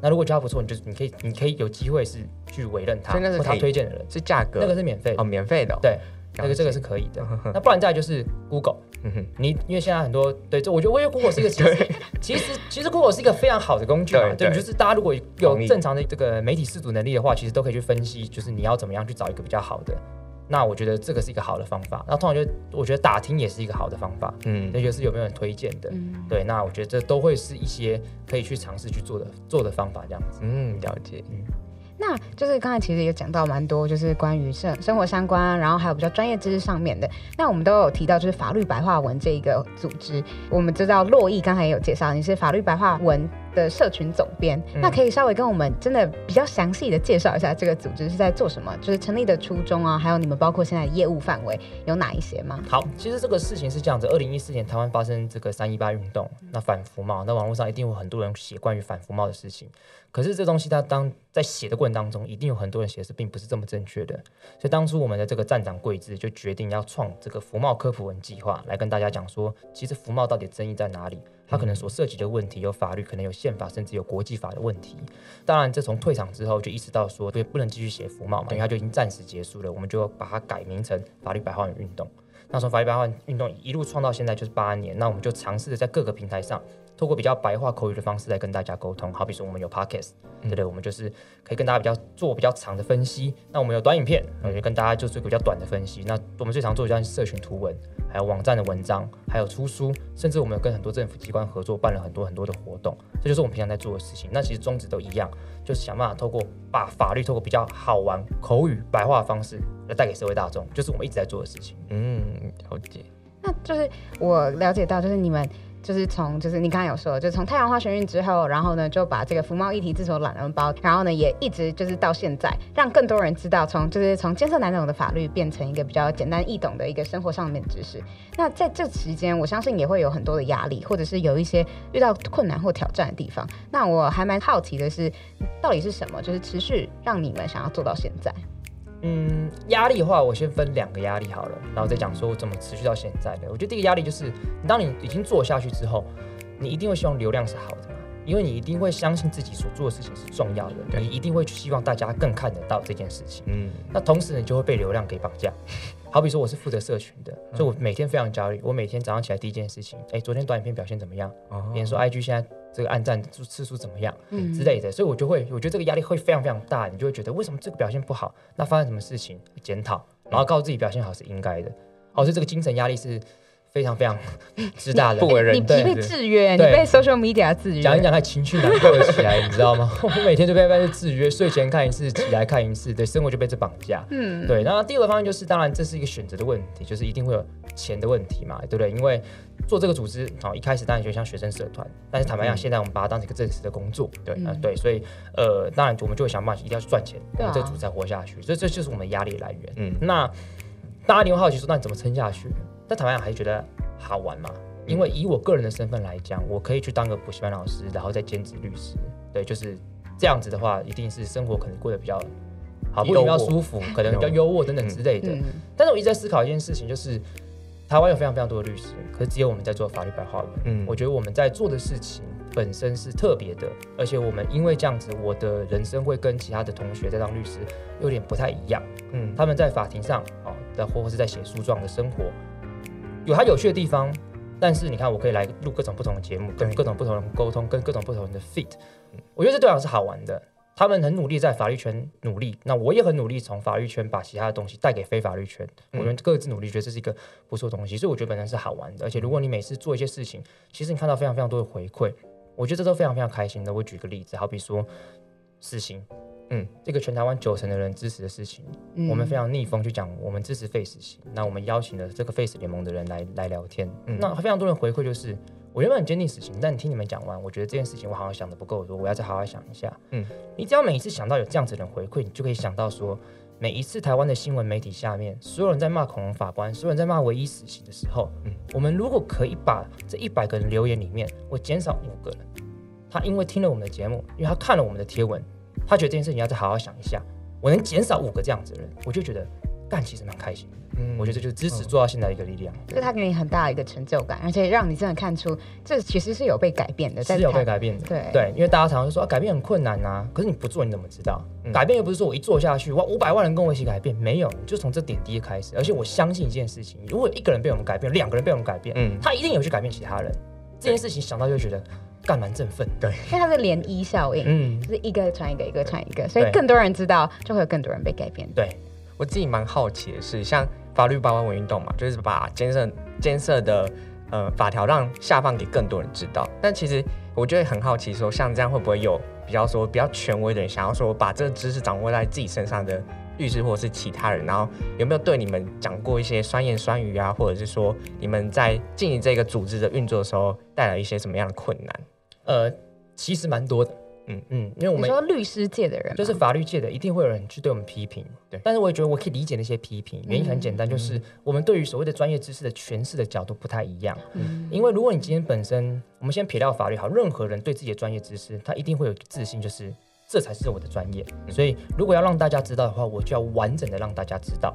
那如果覺得他不錯，你就你可以你可以有機會是去委任他，現在是他推薦的人，是價格那個是免費的哦，免費的、哦、對。這個這個是可以的，那不然再就是 Google，你因為現在很多對這，我覺得 Google 是一個其實其實，其實 Google 是一個非常好的工具嘛，對，就是大家如果有正常的這個媒體識讀能力的話，其實都可以去分析，就是你要怎麼樣去找一個比較好的，那我覺得這個是一個好的方法。那通常就我覺得，我覺得打聽也是一個好的方法，嗯，那就是有沒有人推薦的，對，那我覺得這都會是一些可以去嘗試去做的做的方法這樣子，嗯，了解，嗯。那就是剛才其實也講到蠻多，就是關於生生活相關，然後還有比較專業知識上面的。那我們都有提到，就是法律白話文這一個組織，我們知道珞亦剛才也有介紹，你是法律白話文的社群總編，那可以稍微跟我們真的比較詳細的介紹一下這個組織是在做什麼，就是成立的初衷啊，還有你們包括現在業務範圍有哪一些嗎？好，其實這個事情是這樣子，二零一四年台灣發生這個三一八運動，那反服貿，那網絡上一定有很多人寫關於反服貿的事情，可是這東西它當在寫的過程當中，一定有很多人寫的是並不是這麼正確的，所以當初我們的這個站長貴智就決定要創這個服貿科普文計劃，來跟大家講說，其實服貿到底爭議在哪裡，它可能所涉及的問題有法律，可能有。憲法甚至有國際法的問題，當然這從退場之後就意識到說不不能繼續寫服貿嘛，等下就已經暫時結束了，我們就把它改名成法律白話文運動。那從法律白話文運動一路創到現在就是八年，那我們就嘗試着在各個平台上。透過比較白話口語的方式來跟大家溝通，好比說我們有 podcast，嗯，對不對？我們就是可以跟大家比較做比較長的分析。那我們有短影片，我們就跟大家就是比較短的分析。那我們最常做就是社群圖文，還有網站的文章，還有出書，甚至我們有跟很多政府機關合作，辦了很多很多的活動。這就是我們平常在做的事情。那其實宗旨都一樣，就是想辦法透過把法律透過比較好玩口語白話的方式來帶給社會大眾，就是我們一直在做的事情。嗯，了解。那就是我了解到，就是你們。就是從，就是你剛才有說的，就從太陽花學運之後，然後呢就把這個服貿議題自首懶人包，然後呢也一直就是到現在，讓更多人知道，從就是從艱澀難懂的法律變成一個比較簡單易懂的一個生活上面知識。那在這期間，我相信也會有很多的壓力，或者是有一些遇到困難或挑戰的地方。那我還蠻好奇的是，到底是什麼，就是持續讓你們想要做到現在？嗯，壓力的話，我先分兩個壓力好了，然後再講說我怎麼持續到現在的。我覺得第一個壓力就是，當你已經做下去之後，你一定會希望流量是好的嘛，因為你一定會相信自己所做的事情是重要的，對你一定會希望大家更看得到這件事情。嗯，那同時你就會被流量給綁架。 好比說我是負責社群的，嗯、所以我每天非常焦慮。我每天早上起來第一件事情，哎、欸，昨天短影片表現怎麼樣？別人、哦哦、說 IG 現在。這個按讚次數怎麼樣，之類的，嗯，所以我就會，我覺得這個壓力會非常非常大，你就會覺得為什麼這個表現不好，那發生什麼事情檢討，然後告訴自己表現好是應該的，哦，所以這個精神壓力是。非常非常之大的，不為人知你，欸、你被制約，對對你被 social media 制約，講一講，他情緒難過了起來？ 你知道嗎？我每天就被被制約，睡前看一次，起來看一次，對，生活就被這綁架。嗯，對。那第二個方面就是，當然這是一個選擇的問題，就是一定會有錢的問題嘛，對不對？因為做這個組織，好、喔，一開始當然就像學生社團，但是坦白講，現在我們把它當成一個正式的工作。對、嗯、那對，所以呃，當然我們就會想辦法，一定要去賺錢，讓、啊、這個組織才活下去。所以這就是我們的壓力來源。嗯，那大家你會好奇說，那你怎麼撐下去？但坦白講還是覺得好玩嘛。因為以我個人的身份來講，嗯、我可以去當個補習班老師，然後再兼職律師。對，就是這樣子的話，一定是生活可能過得比較好，不容易比較舒服， 可能比較優渥等等之類的。嗯、但是我一直在思考一件事情，就是台灣有非常非常多的律師，可是只有我們在做法律白話文。嗯，我覺得我們在做的事情本身是特別的，而且我們因為這樣子，我的人生會跟其他的同學在當律師有點不太一樣。嗯，他們在法庭上啊，或、哦、或是在寫訴狀的生活。有它有趣的地方，但是你看，我可以來錄各種不同的節目，跟各種不同人溝通，跟各種不同人的 fit，我覺得這對我是好玩的。他們很努力在法律圈努力，那我也很努力從法律圈把其他的東西帶給非法律圈。我們各自努力，覺得這是一個不錯的東西，所以我覺得本身是好玩的。而且如果你每次做一些事情，其實你看到非常非常多的回饋，我覺得這都非常非常開心的。我舉個例子，好比說私刑。嗯，這個全台灣九成的人支持的事情，嗯、我們非常逆風去講，我們支持廢死刑。那我們邀請了這個廢死聯盟的人來來聊天。嗯、那非常多人回饋就是，我原本很堅定死刑，但你聽你們講完，我覺得這件事情我好像想得不夠多，我要再好好想一下。嗯，你只要每一次想到有這樣子的回饋，你就可以想到說，每一次台灣的新聞媒體下面，所有人在罵恐龍法官，所有人在罵唯一死刑的時候，嗯，我們如果可以把這一百個人留言裡面，我減少五個人，他因為聽了我們的節目，因為他看了我們的貼文。他覺得這件事情要再好好想一下，我能減少五個這樣子的人，我就覺得幹其實蠻開心的。嗯，我覺得這就是支持做到現在一個力量，嗯、對就他給你很大的一個成就感，而且讓你真的看出這其實是有被改變的，是有被改變的。對對，因為大家常常說、啊、改變很困難啊，可是你不做你怎麼知道？嗯、改變又不是說我一做下去，哇，五百萬人跟我一起改變，沒有，你就從這點滴開始。而且我相信一件事情，如果一個人被我們改變，兩個人被我們改變，嗯，他一定有去改變其他人。這件事情想到就會覺得。干蠻振奮，對，因為它是漣漪效應，嗯，就是一個傳一個，一個傳一個，所以更多人知道，就會有更多人被改變。對，我自己蠻好奇的是，像法律白話文運動嘛，就是把艱澀艱澀的呃法條讓下放給更多人知道。但其實我就會很好奇說，說像這樣會不會有比較說比較權威的人想要說把這個知識掌握在自己身上的律師或者是其他人，然後有沒有對你們講過一些酸言酸語啊，或者是說你們在進行這個組織的運作的時候帶來一些什麼樣的困難？呃，其實蠻多的，嗯嗯，因為我們律師界的人，就是法律界的，一定會有人去對我們批評，啊。對，但是我也覺得我可以理解那些批評，原因很簡單，就是我們對於所謂的專業知識的詮釋的角度不太一樣。嗯嗯、因為如果你今天本身，我們先撇掉法律好，任何人對自己的專業知識，他一定會有自信，就是、嗯、這才是我的專業。嗯、所以如果要讓大家知道的話，我就要完整的讓大家知道。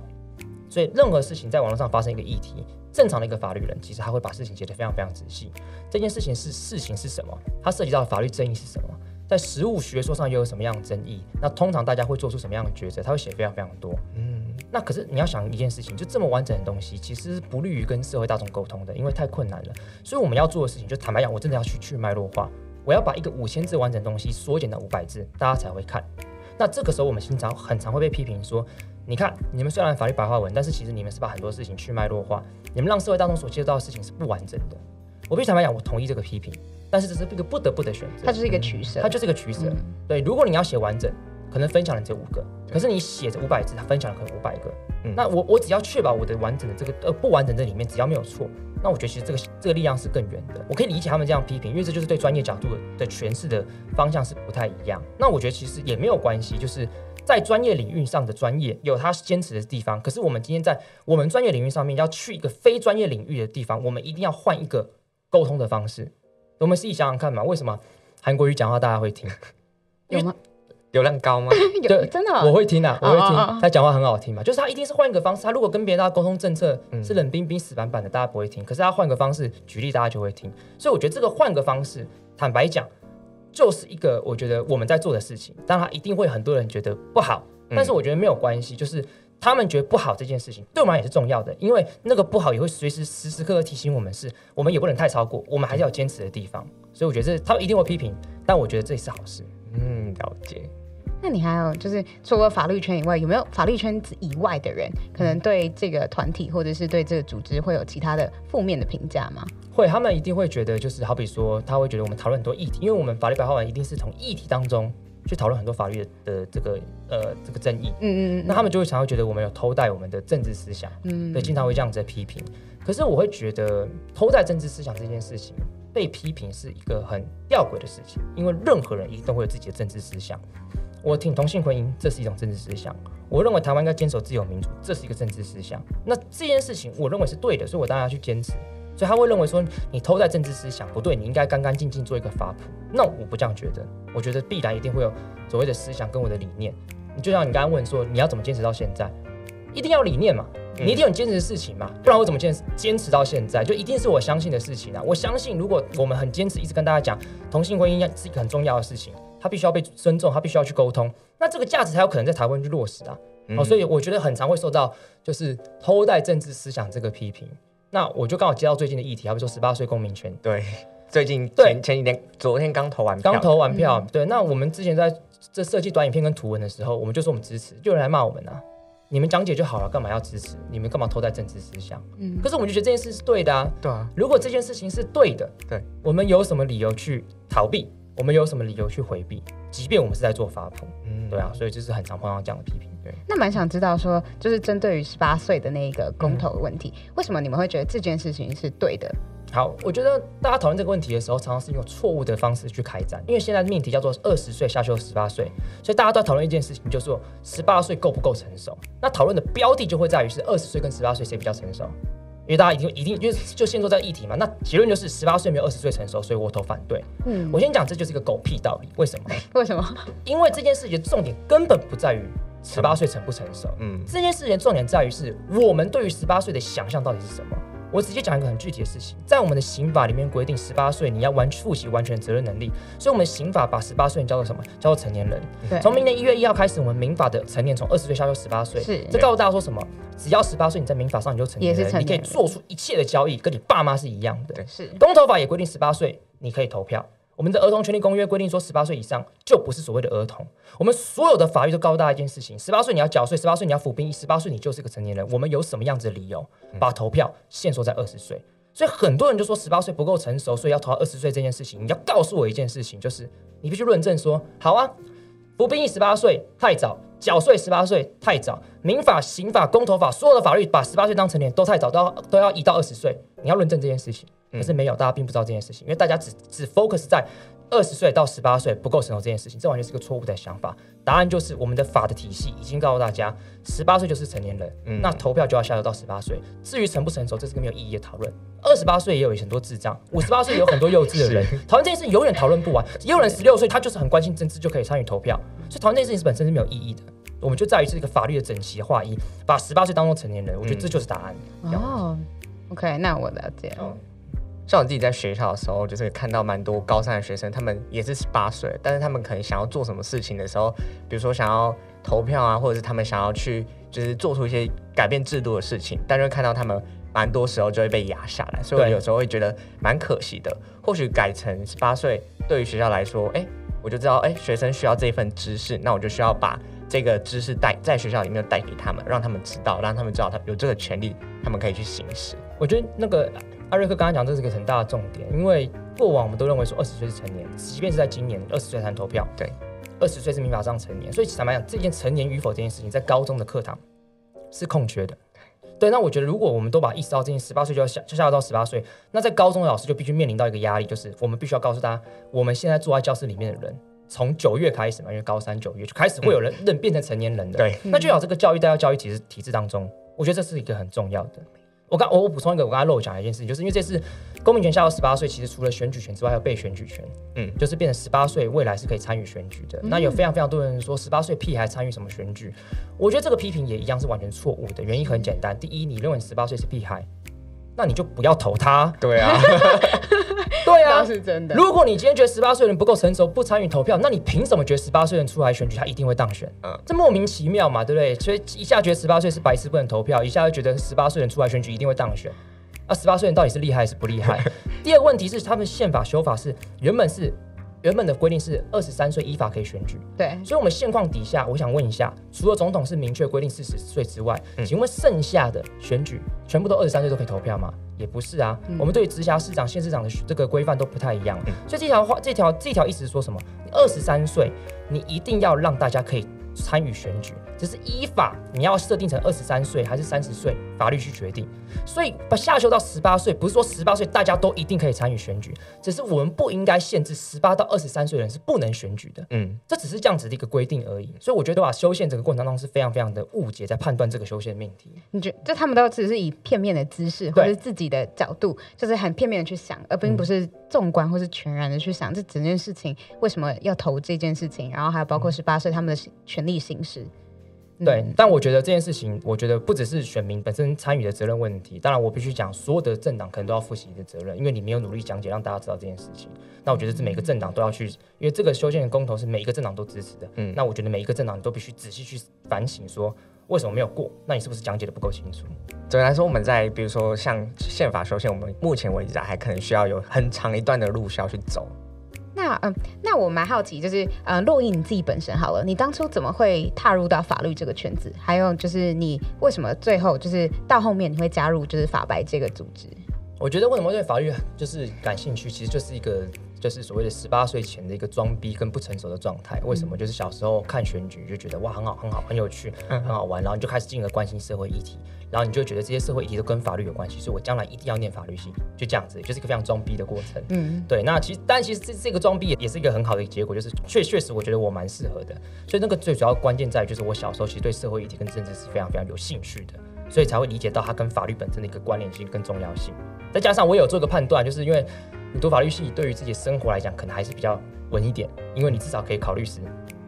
所以任何事情在網絡上發生一個議題。正常的一個法律人其實他會把事情寫得非常非常仔細，這件事情是事情是什麼，它涉及到的法律爭議是什麼，在實務學說上又有什麼樣的爭議，那通常大家會做出什麼樣的抉擇，他會寫非常非常多。嗯、那可是你要想一件事情，就這麼完整的東西其實是不利於跟社會大眾溝通的，因為太困難了，所以我們要做的事情，就坦白講我真的要去去脈絡化，我要把一個五千字完整的東西縮減到五百字，大家才會看。那這個時候我們經常很常會被批評說你看，你們雖然法律白話文，但是其實你們是把很多事情去脈絡化，你們讓社會當中所接觸到的事情是不完整的。我必須坦白講，我同意這個批評，但是這是一個不得不的選擇。它就是一個取捨。它、嗯、就是一個取捨。嗯、對，如果你要寫完整，可能分享了這五個，可是你寫著五百字，它分享了可能五百個。嗯，那我我只要確保我的完整的這個呃不完整的這裡面只要沒有錯，那我覺得其實這個這個力量是更遠的。我可以理解他們這樣批評，因為這就是對專業角度的詮釋的方向是不太一樣。那我覺得其實也沒有關係，就是。在專業領域上的專業有他堅持的地方，可是我們今天在我們專業領域上面要去一個非專業領域的地方，我們一定要換一個溝通的方式。我們自己想想看嘛，為什麼韓國瑜講話大家會聽？有嗎？流量高嗎？ 有對，真的，哦我，我會聽的。我會聽，他講話很好聽嘛，就是他一定是換一個方式。他如果跟別人家溝通政策是冷冰冰、死板板的，嗯、大家不會聽。可是他換個方式舉例，大家就會聽。所以我覺得這個換個方式，坦白講。就是一個我覺得我們在做的事情，當然他一定會很多人覺得不好，但是我覺得沒有關係，就是他們覺得不好這件事情，對我們來也是重要的，因為那個不好也會隨時時時刻刻刻提醒我們，是我們也不能太超過，我們還是要堅持的地方。所以我覺得，這他們一定會批評，但我覺得這是好事。嗯，了解。那你還有就是，除了法律圈以外，有沒有法律圈子以外的人，可能對這個團體或者是對這個組織會有其他的負面的評價嗎？會，他們一定會覺得，就是好比說，他會覺得我們討論很多議題，因為我們法律白話文一定是從議題當中去討論很多法律的這個呃這個爭議。嗯嗯嗯。那他們就會常常覺得我們有偷帶我們的政治思想，嗯，所以經常會這樣子的批評。可是我會覺得偷帶政治思想這件事情被批評是一個很吊詭的事情，因為任何人一定都會有自己的政治思想。我挺同性婚姻，這是一種政治思想。我認為台灣應該堅守自由民主，這是一個政治思想。那這件事情，我認為是對的，所以我當然要去堅持。所以他會認為說，你偷在政治思想不對，你應該乾乾淨淨做一個法普。那、no, 我不這樣覺得，我覺得必然一定會有所謂的思想跟我的理念。你就像你剛剛問說，你要怎麼堅持到現在？一定要理念嘛，你一定有堅持的事情嘛，嗯、不然我怎麼堅持，堅持到現在？就一定是我相信的事情啊。我相信，如果我們很堅持，一直跟大家講同性婚姻是一個很重要的事情。他必須要被尊重，他必須要去溝通，那這個價值才有可能在台灣去落實啊。嗯、哦，所以我覺得很常會受到就是偷帶政治思想這個批評。那我就剛好接到最近的議題，好比說十八歲公民權。對，最近前對前幾天，昨天剛投完，票，剛投完票。完票嗯、對，那我們之前在這設計短影片跟圖文的時候，我們就說我們支持，就有人來罵我們啊！你們講解就好了，幹嘛要支持？你們幹嘛偷帶政治思想？嗯、可是我們就覺得這件事是對的啊。對啊，如果這件事情是對的，對，我們有什麼理由去逃避？我們有什麼理由去回避？即便我們是在做發佈，嗯，對啊，所以就是很常碰到這樣的批評。對，那蠻想知道說，就是針對於十八歲的那一個公投的問題，嗯，為什麼你們會覺得這件事情是對的？好，我覺得大家討論這個問題的時候，常常是用錯誤的方式去開展，因為現在命題叫做二十歲下修十八歲，所以大家都討論一件事情，就是說十八歲夠不夠成熟？那討論的標的就會在於是二十歲跟十八歲誰比較成熟？因為大家已經一定就就先做這個議題嘛，那結論就是十八歲沒有二十歲成熟，所以我都反對。嗯，我先講，這就是一個狗屁道理。為什麼？為什麼？因為這件事情重點根本不在於十八歲成不成熟，嗯，這件事情重點在於是我們對於十八歲的想象到底是什麼。我直接講一個很具體的事情，在我們的刑法裡面規定，十八歲你要完負起完全的責任能力，所以我們的刑法把十八歲叫做什麼？叫做成年人。嗯，對，從明年一月一號開始，我們民法的成年從二十歲下修十八歲，是。這告訴大家說什麼？只要十八歲，你在民法上你就成年人，成年人你可以做出一切的交易，跟你爸媽是一樣的。公投法也規定十八歲你可以投票。我們的兒童權利公約規定說，十八歲以上就不是所謂的兒童。我們所有的法律都告訴大家一件事情：十八歲你要繳稅，十八歲你要服兵役，十八歲你就是個成年人。我們有什麼樣子的理由把投票限縮在二十歲？所以很多人就說十八歲不夠成熟，所以要投到二十歲這件事情。你要告訴我一件事情，就是你必須論證說，好啊，服兵役十八歲太早。小歲十八歲太早，民法、刑法、公投法所有的法律把十八歲當成年都太早，都要都要移到二十歲。你要論證這件事情，可是沒有，嗯、大家並不知道這件事情，因為大家只只 focus 在。二十歲到十八歲不夠成熟這件事情，這完全是個錯誤的想法。答案就是我們的法的體系已經告訴大家，十八歲就是成年人，嗯，那投票就要下調到十八歲。至於成不成熟，這是個沒有意義的討論。二十八歲也有很多智障，五十八歲也有很多幼稚的人。討論 是這件事永遠討論不完。也有人十六歲他就是很關心政治就可以參與投票，對所以討論這件事情本身是沒有意義的。我們就在於這個法律的整齊劃一，把十八歲當做成年人。我覺得這就是答案。哦、嗯達 oh,，OK，那我了解。Oh. 像我自己在學校的時候，就是看到蠻多高三的學生，他們也是十八歲，但是他們可能想要做什麼事情的時候，比如說想要投票啊，或者是他們想要去就是做出一些改變制度的事情，但是看到他們蠻多時候就會被壓下來，所以我有時候會覺得蠻可惜的。對或許改成十八歲，對於學校來說，欸，我就知道，欸，學生需要這份知識，那我就需要把這個知識帶在學校裡面帶給他們，讓他們知道，讓他們知道他們有這個權利，他們可以去行使。我覺得那個。阿瑞克剛剛講，這是一個很大的重點，因為過往我們都認為說二十歲是成年，即便是在今年二十歲才能投票。對，二十歲是民法上成年，所以坦白講，這件成年與否這件事情，在高中的課堂是空缺的。對，那我覺得如果我們都把意識到這件十八歲就要下就下到十八歲，那在高中的老師就必須面臨到一個壓力，就是我們必須要告訴他，我們現在坐在教室裡面的人，從九月開始嘛，因為高三九月就開始會有人變、嗯、變成成年人的。對，那就好這個教育帶到教育體制體制當中，我覺得這是一個很重要的。我剛我、哦、我補充一個，我剛剛漏講一件事情，就是因為這次公民權下到十八歲，其實除了選舉權之外，還有被選舉權，嗯，就是變成十八歲未來是可以參與選舉的。嗯、那有非常非常多人說十八歲屁孩參與什麼選舉，我覺得這個批評也一樣是完全錯誤的。原因很簡單，第一，你認為十八歲是屁孩，那你就不要投他。對啊。 對啊，如果你今天覺得十八歲人不夠成熟，不參與投票，是那你憑什麼覺得十八歲人出來的選舉他一定會當選？嗯，這莫名其妙嘛，對不對？所以一下覺得十八歲是白痴不能投票，一下又覺得十八歲人出來的選舉一定會當選，那十八歲人到底是厲害還是不厲害？ 第二個問題是，他們憲法修法是原本是。原本的規定是二十三歲依法可以選舉，對，所以，我們現況底下，我想問一下，除了總統是明確規定四十歲之外，請問剩下的選舉全部都二十三歲都可以投票嗎？嗯、也不是啊，我們對直轄市長、縣市長的這個規範都不太一樣，嗯、所以這條話，這條這條意思是說什麼？二十三歲，你一定要讓大家可以參與選舉。只是依法，你要設定成二十三歲還是三十歲，法律去決定。所以把下修到十八歲，不是說十八歲大家都一定可以參與選舉，只是我們不應該限制十八到二十三歲的人是不能選舉的。嗯，這只是這樣子的一個規定而已。所以我覺得把修憲整個過程當中是非常非常的誤解，在判斷這個修憲命題。你覺，這他們都只是以片面的知識或者是自己的角度，對就是很片面的去想，而並不是縱觀或是全然的去想、嗯、這整件事情為什麼要投這件事情，然後還有包括十八歲他們的權利行使。對，嗯、但我覺得這件事情，我覺得不只是選民本身參與的責任問題。當然，我必須講，所有的政黨可能都要負起一個責任，因為你沒有努力講解，讓大家知道這件事情。那我覺得，這每一個政黨都要去，因為這個修憲的公投是每一個政黨都支持的。嗯，那我覺得每一個政黨，你都必須仔細去反省說，說為什麼沒有過？那你是不是講解得不夠清楚？總的來說，我們在比如說像憲法修憲，我們目前為止還可能需要有很長一段的路需要去走。那嗯，那我蠻好奇，就是呃、嗯，珞亦你自己本身好了，你當初怎麼會踏入到法律這個圈子？還有就是你為什麼最後就是到後面你會加入就是法白這個組織？我覺得為什麼對法律就是感興趣，其實就是一個就是所謂的十八歲前的一個裝逼跟不成熟的狀態。嗯、為什麼就是小時候看選舉就覺得哇很好很好很有趣、嗯、哼很好玩，然後你就開始進而關心社會議題。然後你就覺得這些社會議題都跟法律有關係，所以我將來一定要念法律系，就這樣子，就是一個非常裝逼的過程。嗯，對。那其實，但其實這這個裝逼也是一個很好的結果，就是確確實實我覺得我蠻適合的。所以那個最主要關鍵在於，就是我小時候其實對社會議題跟政治是非常非常有興趣的，所以才會理解到它跟法律本身的一個關聯性跟重要性。再加上我有做一個判斷，就是因為你讀法律系對於自己的生活來講，可能還是比較穩一點，因為你至少可以考律師。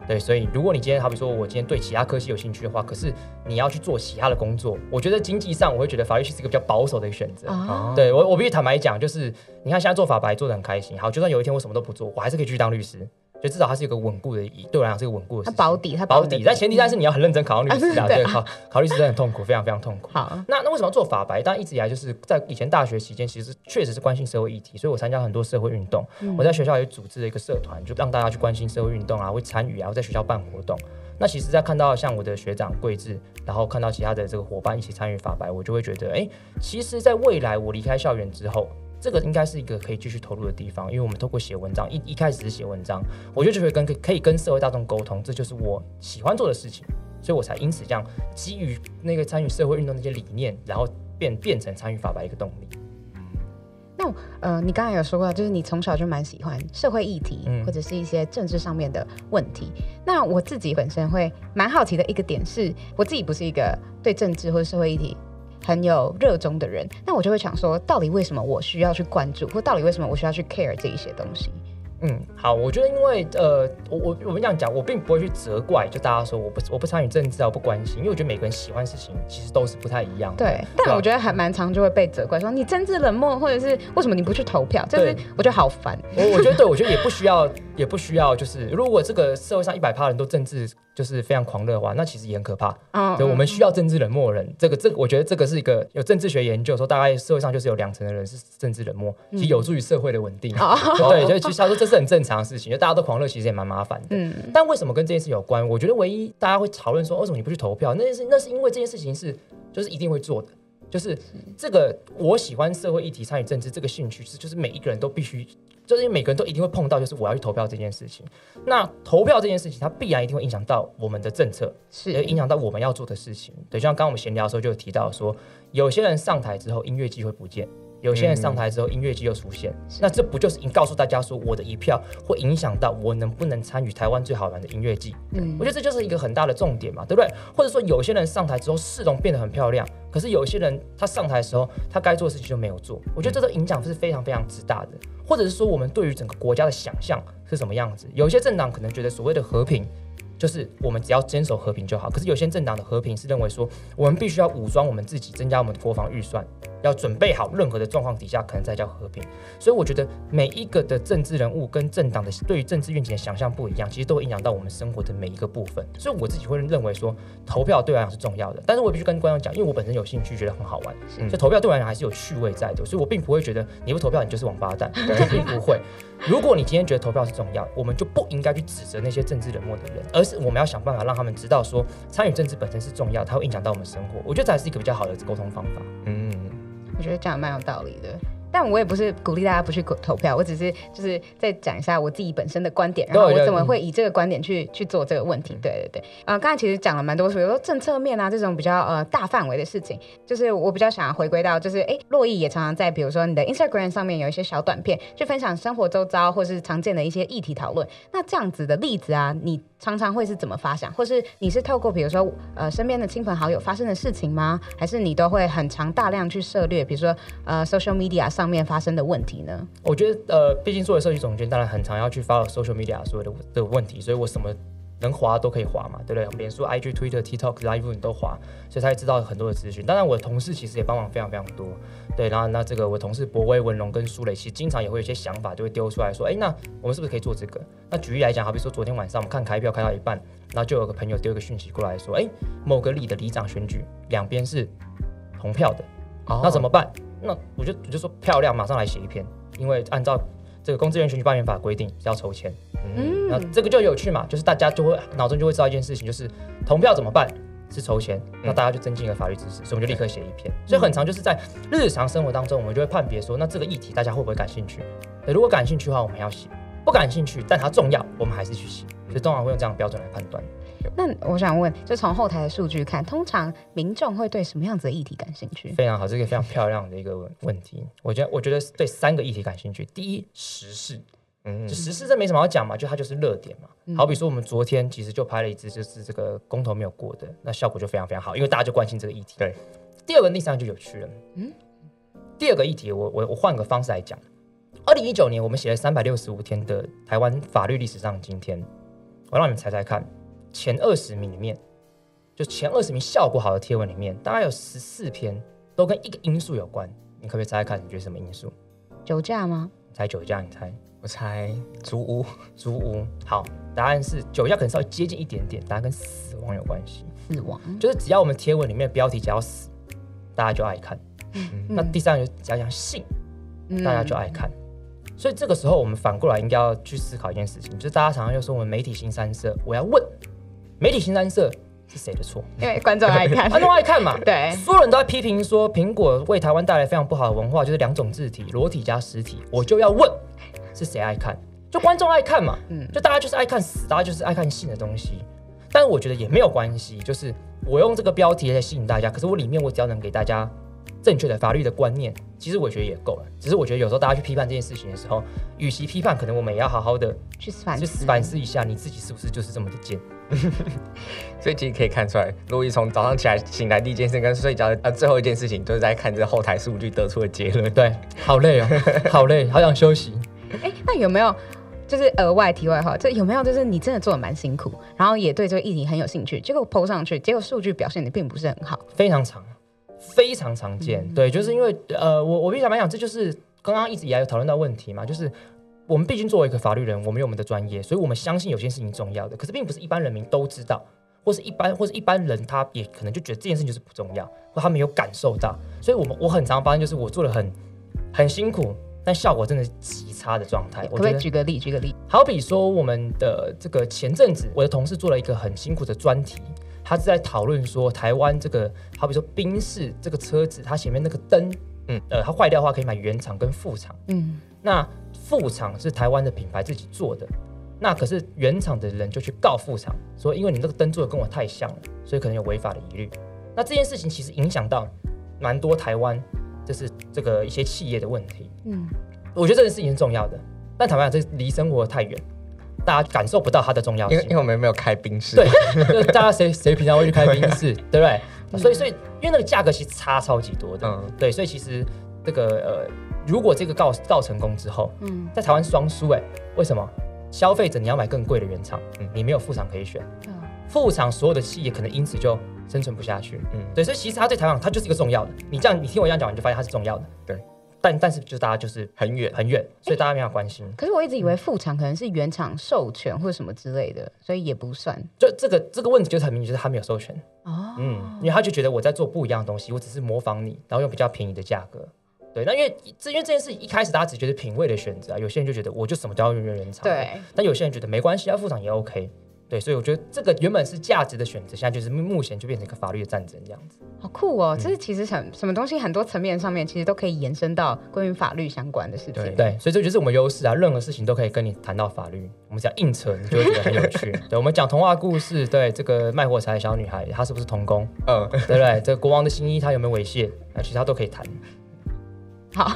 對，所以如果你今天好比說，我今天對其他科系有興趣的話，可是你要去做其他的工作，我覺得經濟上我會覺得法律系是一個比較保守的一個選擇。啊，對，我我必須坦白講，就是你看現在做法白做得很開心。好，就算有一天我什麼都不做，我還是可以去當律師。就至少它是一個穩固的，對我來講是一個穩固的事情保底，它保，保底。但前提下是你要很認真考律師啊，嗯、對，考 律師真的很痛苦，非常非常痛苦。好、啊，那那為什麼做法白？但一直以來就是在以前大學期間，其實確實是關心社會議題，所以我參加很多社會運動。嗯、我在學校也組織了一個社團，就讓大家去關心社會運動啊，會參與啊，我在學校辦活動。那其實，在看到像我的學長貴智，然後看到其他的這個夥伴一起參與法白，我就會覺得，哎、欸，其實，在未來我離開校園之後。這個應該是一個可以繼續投入的地方，因為我們透過寫文章，一一開始是寫文章，我就覺得就會跟可以跟社會大眾溝通，這就是我喜歡做的事情，所以我才因此這樣基於那個參與社會運動的一些理念，然後變變成參與法白一個動力。那呃，你剛才有說過，就是你從小就蠻喜歡社會議題，或者是一些政治上面的問題。嗯，那我自己本身會蠻好奇的一個點是，我自己不是一個對政治或者社會議題。很有熱衷的人，那我就會想說，到底為什麼我需要去關注，或到底為什麼我需要去 care 這一些東西？嗯，好，我覺得因為呃，我我我們這樣講，我並不會去責怪，就大家說我不我不參與政治啊，我不關心，因為我覺得每個人喜歡的事情其實都是不太一樣的。對，對吧但我覺得還蠻常就會被責怪說，說你政治冷漠，或者是為什麼你不去投票？就是對我覺得好煩。我我覺得對，我覺得也不需要。 也不需要，就是如果這個社會上一百趴人都政治就是非常狂熱的話，那其實也很可怕。對，oh, 我們需要政治冷漠人，這個這個、我覺得這個是一個有政治學研究說，大概社會上就是有兩成的人是政治冷漠，嗯、其實有助於社會的穩定。Oh. 對，就其實他說這是很正常的事情，因為大家都狂熱其實也蠻麻煩的。Oh. 但為什麼跟這件事有關？我覺得唯一大家會討論說，為什麼你不去投票，那件事那是因為這件事情是就是一定會做的，就是這個我喜歡社會議題參與政治這個興趣是就是每一個人都必須。就是每個人都一定會碰到，就是我要去投票這件事情。那投票這件事情，它必然一定會影響到我們的政策，是也會影響到我們要做的事情。對，就像剛剛我們閒聊的時候，就有提到說，有些人上台之後，音樂機會不見。有些人上台之後，音樂季又出現，嗯、那這不就是告訴大家說，我的一票會影響到我能不能參與台灣最好玩的音樂季？嗯，我覺得這就是一個很大的重點嘛，對不對？或者說有些人上台之後，市容變得很漂亮，可是有些人他上台的時候，他該做的事情就沒有做，我覺得這個影響是非常非常之大的。或者是說，我們對於整個國家的想象是什麼樣子？有些政黨可能覺得所謂的和平就是我們只要堅守和平就好，可是有些政黨的和平是認為說我們必須要武裝我們自己，增加我們的國防預算。要準備好，任何的狀況底下，可能再叫和平。所以我覺得每一個的政治人物跟政黨的對於政治願景的想象不一樣，其實都會影響到我們生活的每一個部分。所以我自己會認為說，投票對來講是重要的。但是我必須跟觀眾講，因為我本身有興趣，覺得很好玩。就是投票對我來講還是有趣味在的，所以我並不會覺得你不投票你就是王八蛋，並不會。 如果你今天覺得投票是重要，我們就不應該去指責那些政治冷漠的人，而是我們要想辦法讓他們知道說，參與政治本身是重要，它會影響到我們生活。我覺得這還是一個比較好的溝通方法。嗯。我覺得這樣蠻有道理的。但我也不是鼓勵大家不去投投票，我只是就是再講一下我自己本身的觀點，然後我怎麼會以這個觀點去、oh, yeah, yeah, yeah. 去做這個問題？對對對，呃，剛才其實講了蠻多，比如說政策面啊這種比較呃大範圍的事情，就是我比較想要回歸到就是哎、欸，珞亦也常常在比如說你的 Instagram 上面有一些小短片，去分享生活周遭或是常見的一些議題討論。那這樣子的例子啊，你常常會是怎麼發想，或是你是透過比如說呃身邊的親朋好友發生的事情嗎？還是你都會很常大量去涉獵，比如說呃 Social Media 上。方面發生的問題呢？我覺得，呃，畢竟作為社群總監，當然很常要去 follow social media 所有的的問題，所以我什麼能滑都可以滑嘛，對不對？我們連說 IG、Twitter、TikTok、ok,、Live 都滑，所以他也知道很多的資訊。當然，我的同事其實也幫忙非常非常多，對。然後，那這個我同事博威文龍跟蘇磊，其實經常也會有些想法，就會丟出來說：“誒、欸，那我們是不是可以做這個？”那舉例來講，好比說昨天晚上我們看開票開到一半，然後就有個朋友丟一個訊息過來說：“誒、欸，某個里的里長選舉，兩邊是同票的，哦、那怎麼辦？”那我就我就說漂亮，馬上來寫一篇，因為按照這個公職人員選舉罷免法規定是要抽籤，嗯、那這個就有趣嘛，就是大家就會腦中就會知道一件事情，就是同票怎麼辦？是抽籤，那大家就增進了法律知識，嗯、所以我們就立刻寫一篇。嗯、所以很常就是在日常生活當中，我們就會判別說，那這個議題大家會不會感興趣？對，如果感興趣的話，我們要寫；不感興趣，但它重要，我們還是去寫。嗯、所以通常會用這樣的標準來判斷。那我想問，就從後台的數據看，通常民眾會對什麼樣子的議題感興趣？非常好，這個非常漂亮的一個問題。我覺得，我覺得對三個議題感興趣。第一，時事，嗯，時事這沒什麼好講嘛，就它就是熱點嘛。嗯、好比說，我們昨天其實就拍了一支，就是這個公投沒有過的，那效果就非常非常好，因為大家就關心這個議題。對。第二個第三個就有趣了，嗯，第二個議題，我我我換個方式來講。二零一九年，我們寫了三百六十五天的台灣法律歷史上今天，我讓你們猜猜看。前二十名裡面，就前二十名效果好的貼文裡面，大概有十四篇都跟一個因素有關。你可不可以猜猜看？你覺得什麼因素？酒駕嗎？猜酒駕？你猜？我猜租屋。租屋。好，答案是酒駕，可能稍微接近一點點，答案跟死亡有關係。死亡，就是只要我們貼文裡面的標題只要，要死，大家就愛看。嗯， 嗯，那第三個就是只要講性，大家就愛看。嗯、所以這個時候，我們反過來應該要去思考一件事情，就是大家常常又說我們媒體新三色，我要問。媒體腥羶色是誰的錯？對，觀眾愛看，觀眾愛看嘛。對，所有人都在批評說蘋果為台灣帶來非常不好的文化，就是兩種字體，裸體加實體。我就要問，是誰愛看？就觀眾愛看嘛。嗯，就大家就是愛看死，大家就是愛看性的東西。但是我覺得也沒有關係，就是我用這個標題來吸引大家，可是我裡面我只要能給大家正確的法律的觀念，其實我覺得也夠了。只是我覺得有時候大家去批判這件事情的時候，與其批判，可能我們也要好好的去反思一下，你自己是不是就是這麼的賤。 所以其實可以看出來，珞亦從早上起來醒來第一件事情，跟睡覺呃最後一件事情，都、就是在看這個後台數據得出的結論。對，好累哦，好累， 好想休息、欸。那有沒有就是額外題外話，這有沒有就是你真的做的蠻辛苦，然後也對這個議題很有興趣，結果 po 上去，結果數據表現的並不是很好？非常常，非常常見。嗯、對，就是因為呃我我越想越想，這就是剛剛一直以來有討論到問題嘛，就是。我們畢竟作為一個法律人，我們有我們的專業，所以我們相信有些事情重要的，可是並不是一般人民都知道，或是一般或是一般人他也可能就覺得這件事情就是不重要，或他沒有感受到。所以，我們我很常發現就是我做得很很辛苦，但效果真的是極差的狀態。欸、我覺得可不可以舉個例？舉個例，好比說我們的這個前陣子，我的同事做了一個很辛苦的專題，他是在討論說台灣這個好比說賓士這個車子，它前面那個燈，嗯，呃，它壞掉的話可以買原廠跟副廠，嗯，那。副廠是台灣的品牌自己做的，那可是原廠的人就去告副廠，說因為你那個燈做的跟我太像了，所以可能有違法的疑慮。那這件事情其實影響到蠻多台灣，這是這個一些企業的問題。嗯，我覺得這件事情是重要的，但坦白講，這離生活太遠，大家感受不到它的重要性。因為，因為我們沒有開賓士，對， 就大家誰誰平常會去開賓士， 對，啊、對不對？嗯、所以所以因為那個價格其實差超級多的，對，對，嗯、對，所以其實這個呃。如果這個告告成功之後，嗯，在台灣雙輸哎，為什麼？消費者你要買更貴的原廠，嗯，你沒有副廠可以選，嗯、哦，副廠所有的企業可能因此就生存不下去，嗯，對，所以其實他對台灣它就是一個重要的，你這樣你聽我這樣講完，你就發現它是重要的，對，但但是就大家就是很遠很遠，所以大家沒有關心。欸、可是我一直以為副廠可能是原廠授權或什麼之類的，所以也不算。就這個這個問題就是，就很明顯就是他沒有授權，哦，嗯，因為他就覺得我在做不一樣的東西，我只是模仿你，然後用比較便宜的價格。對，那因為這因為這件事一開始大家只覺得品味的選擇、啊，有些人就覺得我就什麼都要原原原廠，對。但有些人覺得沒關係、啊，副廠也 OK，對。所以我覺得這個原本是價值的選擇，現在就是目前就變成一個法律的戰爭這樣子。好酷哦、喔！嗯、這是其實很什麼東西很多層面上面其實都可以延伸到關於法律相關的事情。對,對，所以這就是我們優勢啊！任何事情都可以跟你談到法律。我們只要硬扯，你就覺得很有趣？ 對，我們講童話故事，對這個賣火柴的小女孩，她是不是童工？嗯， 對不對,對？這個、國王的新衣，他有沒有猥褻？那其實他都可以談。好，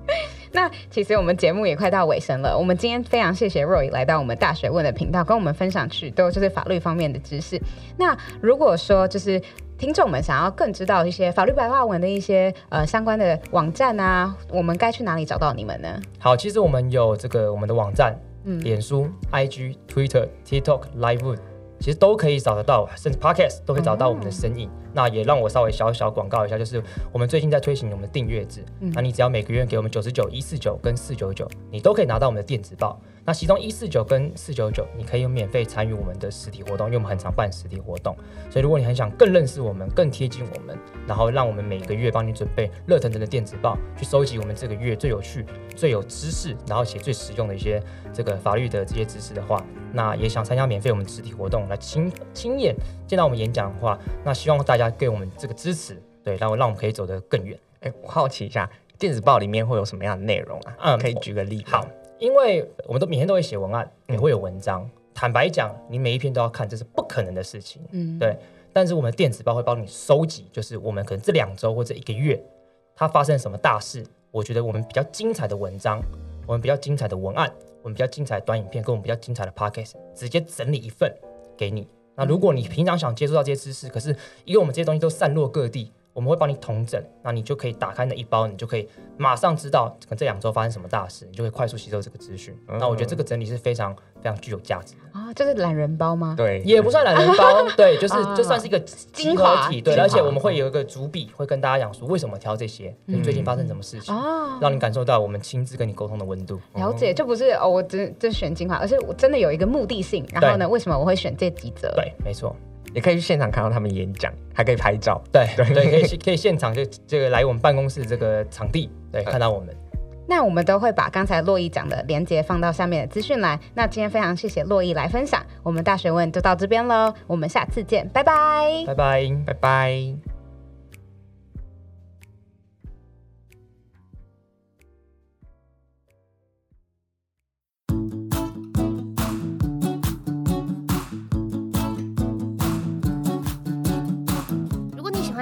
那其實我們節目也快到尾聲了。我們今天非常謝謝 Roy 來到我們大學問的頻道，跟我們分享許多就是法律方面的知識。那如果說就是聽眾們想要更知道一些法律白話文的一些呃相關的網站啊，我們該去哪裡找到你們呢？好，其實我們有這個我們的網站，嗯，臉書、IG、Twitter、TikTok、Twitter、TikTok、Live。其實都可以找得到，甚至 podcast 都可以找到我們的身影。Oh. 那也讓我稍微小小廣告一下，就是我們最近在推行我們的訂閱制。嗯，那你只要每個月給我們九十九、一四九跟四九九，你都可以拿到我們的電子報。那其中一四九跟四九九，你可以有免費參與我們的實體活動，因為我們很常辦實體活動。所以如果你很想更認識我們、更貼近我們，然後讓我們每個月幫你準備熱騰騰的電子報，去收集我們這個月最有趣、最有知識，然後寫最實用的一些這個法律的這些知識的話，那也想參加免費我們實體活動來親親眼見到我們演講的話，那希望大家給我們這個支持，對，然後讓我們可以走得更遠。哎、欸，我好奇一下，電子報裡面會有什麼樣的內容啊？嗯，可以舉個例。好。因為我們都每天都會寫文案，也會有文章。嗯、坦白講，你每一篇都要看，這是不可能的事情，嗯、對。但是我們電子報會幫你收集，就是我們可能這兩週或者一個月，它發生什麼大事，我覺得我們比較精彩的文章，我們比較精彩的文案，我們比較精彩的短影片，跟我們比較精彩的 podcast，直接整理一份給你。嗯、那如果你平常想接觸到這些知識，可是因為我們這些東西都散落各地。我們會幫你統整，那你就可以打開那一包，你就可以馬上知道可能這兩周發生什麼大事，你就可以快速吸收這個資訊。那我覺得這個整理是非常非常具有價值的啊！這是懶人包嗎？對，也不算懶人包，對，就是就算是一個精華體。對，而且我們會有一個主筆會跟大家講說為什麼挑這些，你最近發生什麼事情，讓你感受到我們親自跟你溝通的溫度。了解，就不是哦，我只就選精華，而是我真的有一個目的性。然後呢，為什麼我會選這幾則？對，沒錯。也可以去現場看到他們演講，還可以拍照。對對對，可以去，可以現場就這個來我們辦公室這個場地，對，對看到我們。那我們都會把剛才珞亦講的連結放到下面的資訊欄。那今天非常謝謝珞亦來分享，我們大學問就到這邊嘍，我們下次見，拜拜，拜拜 Bye bye，拜拜。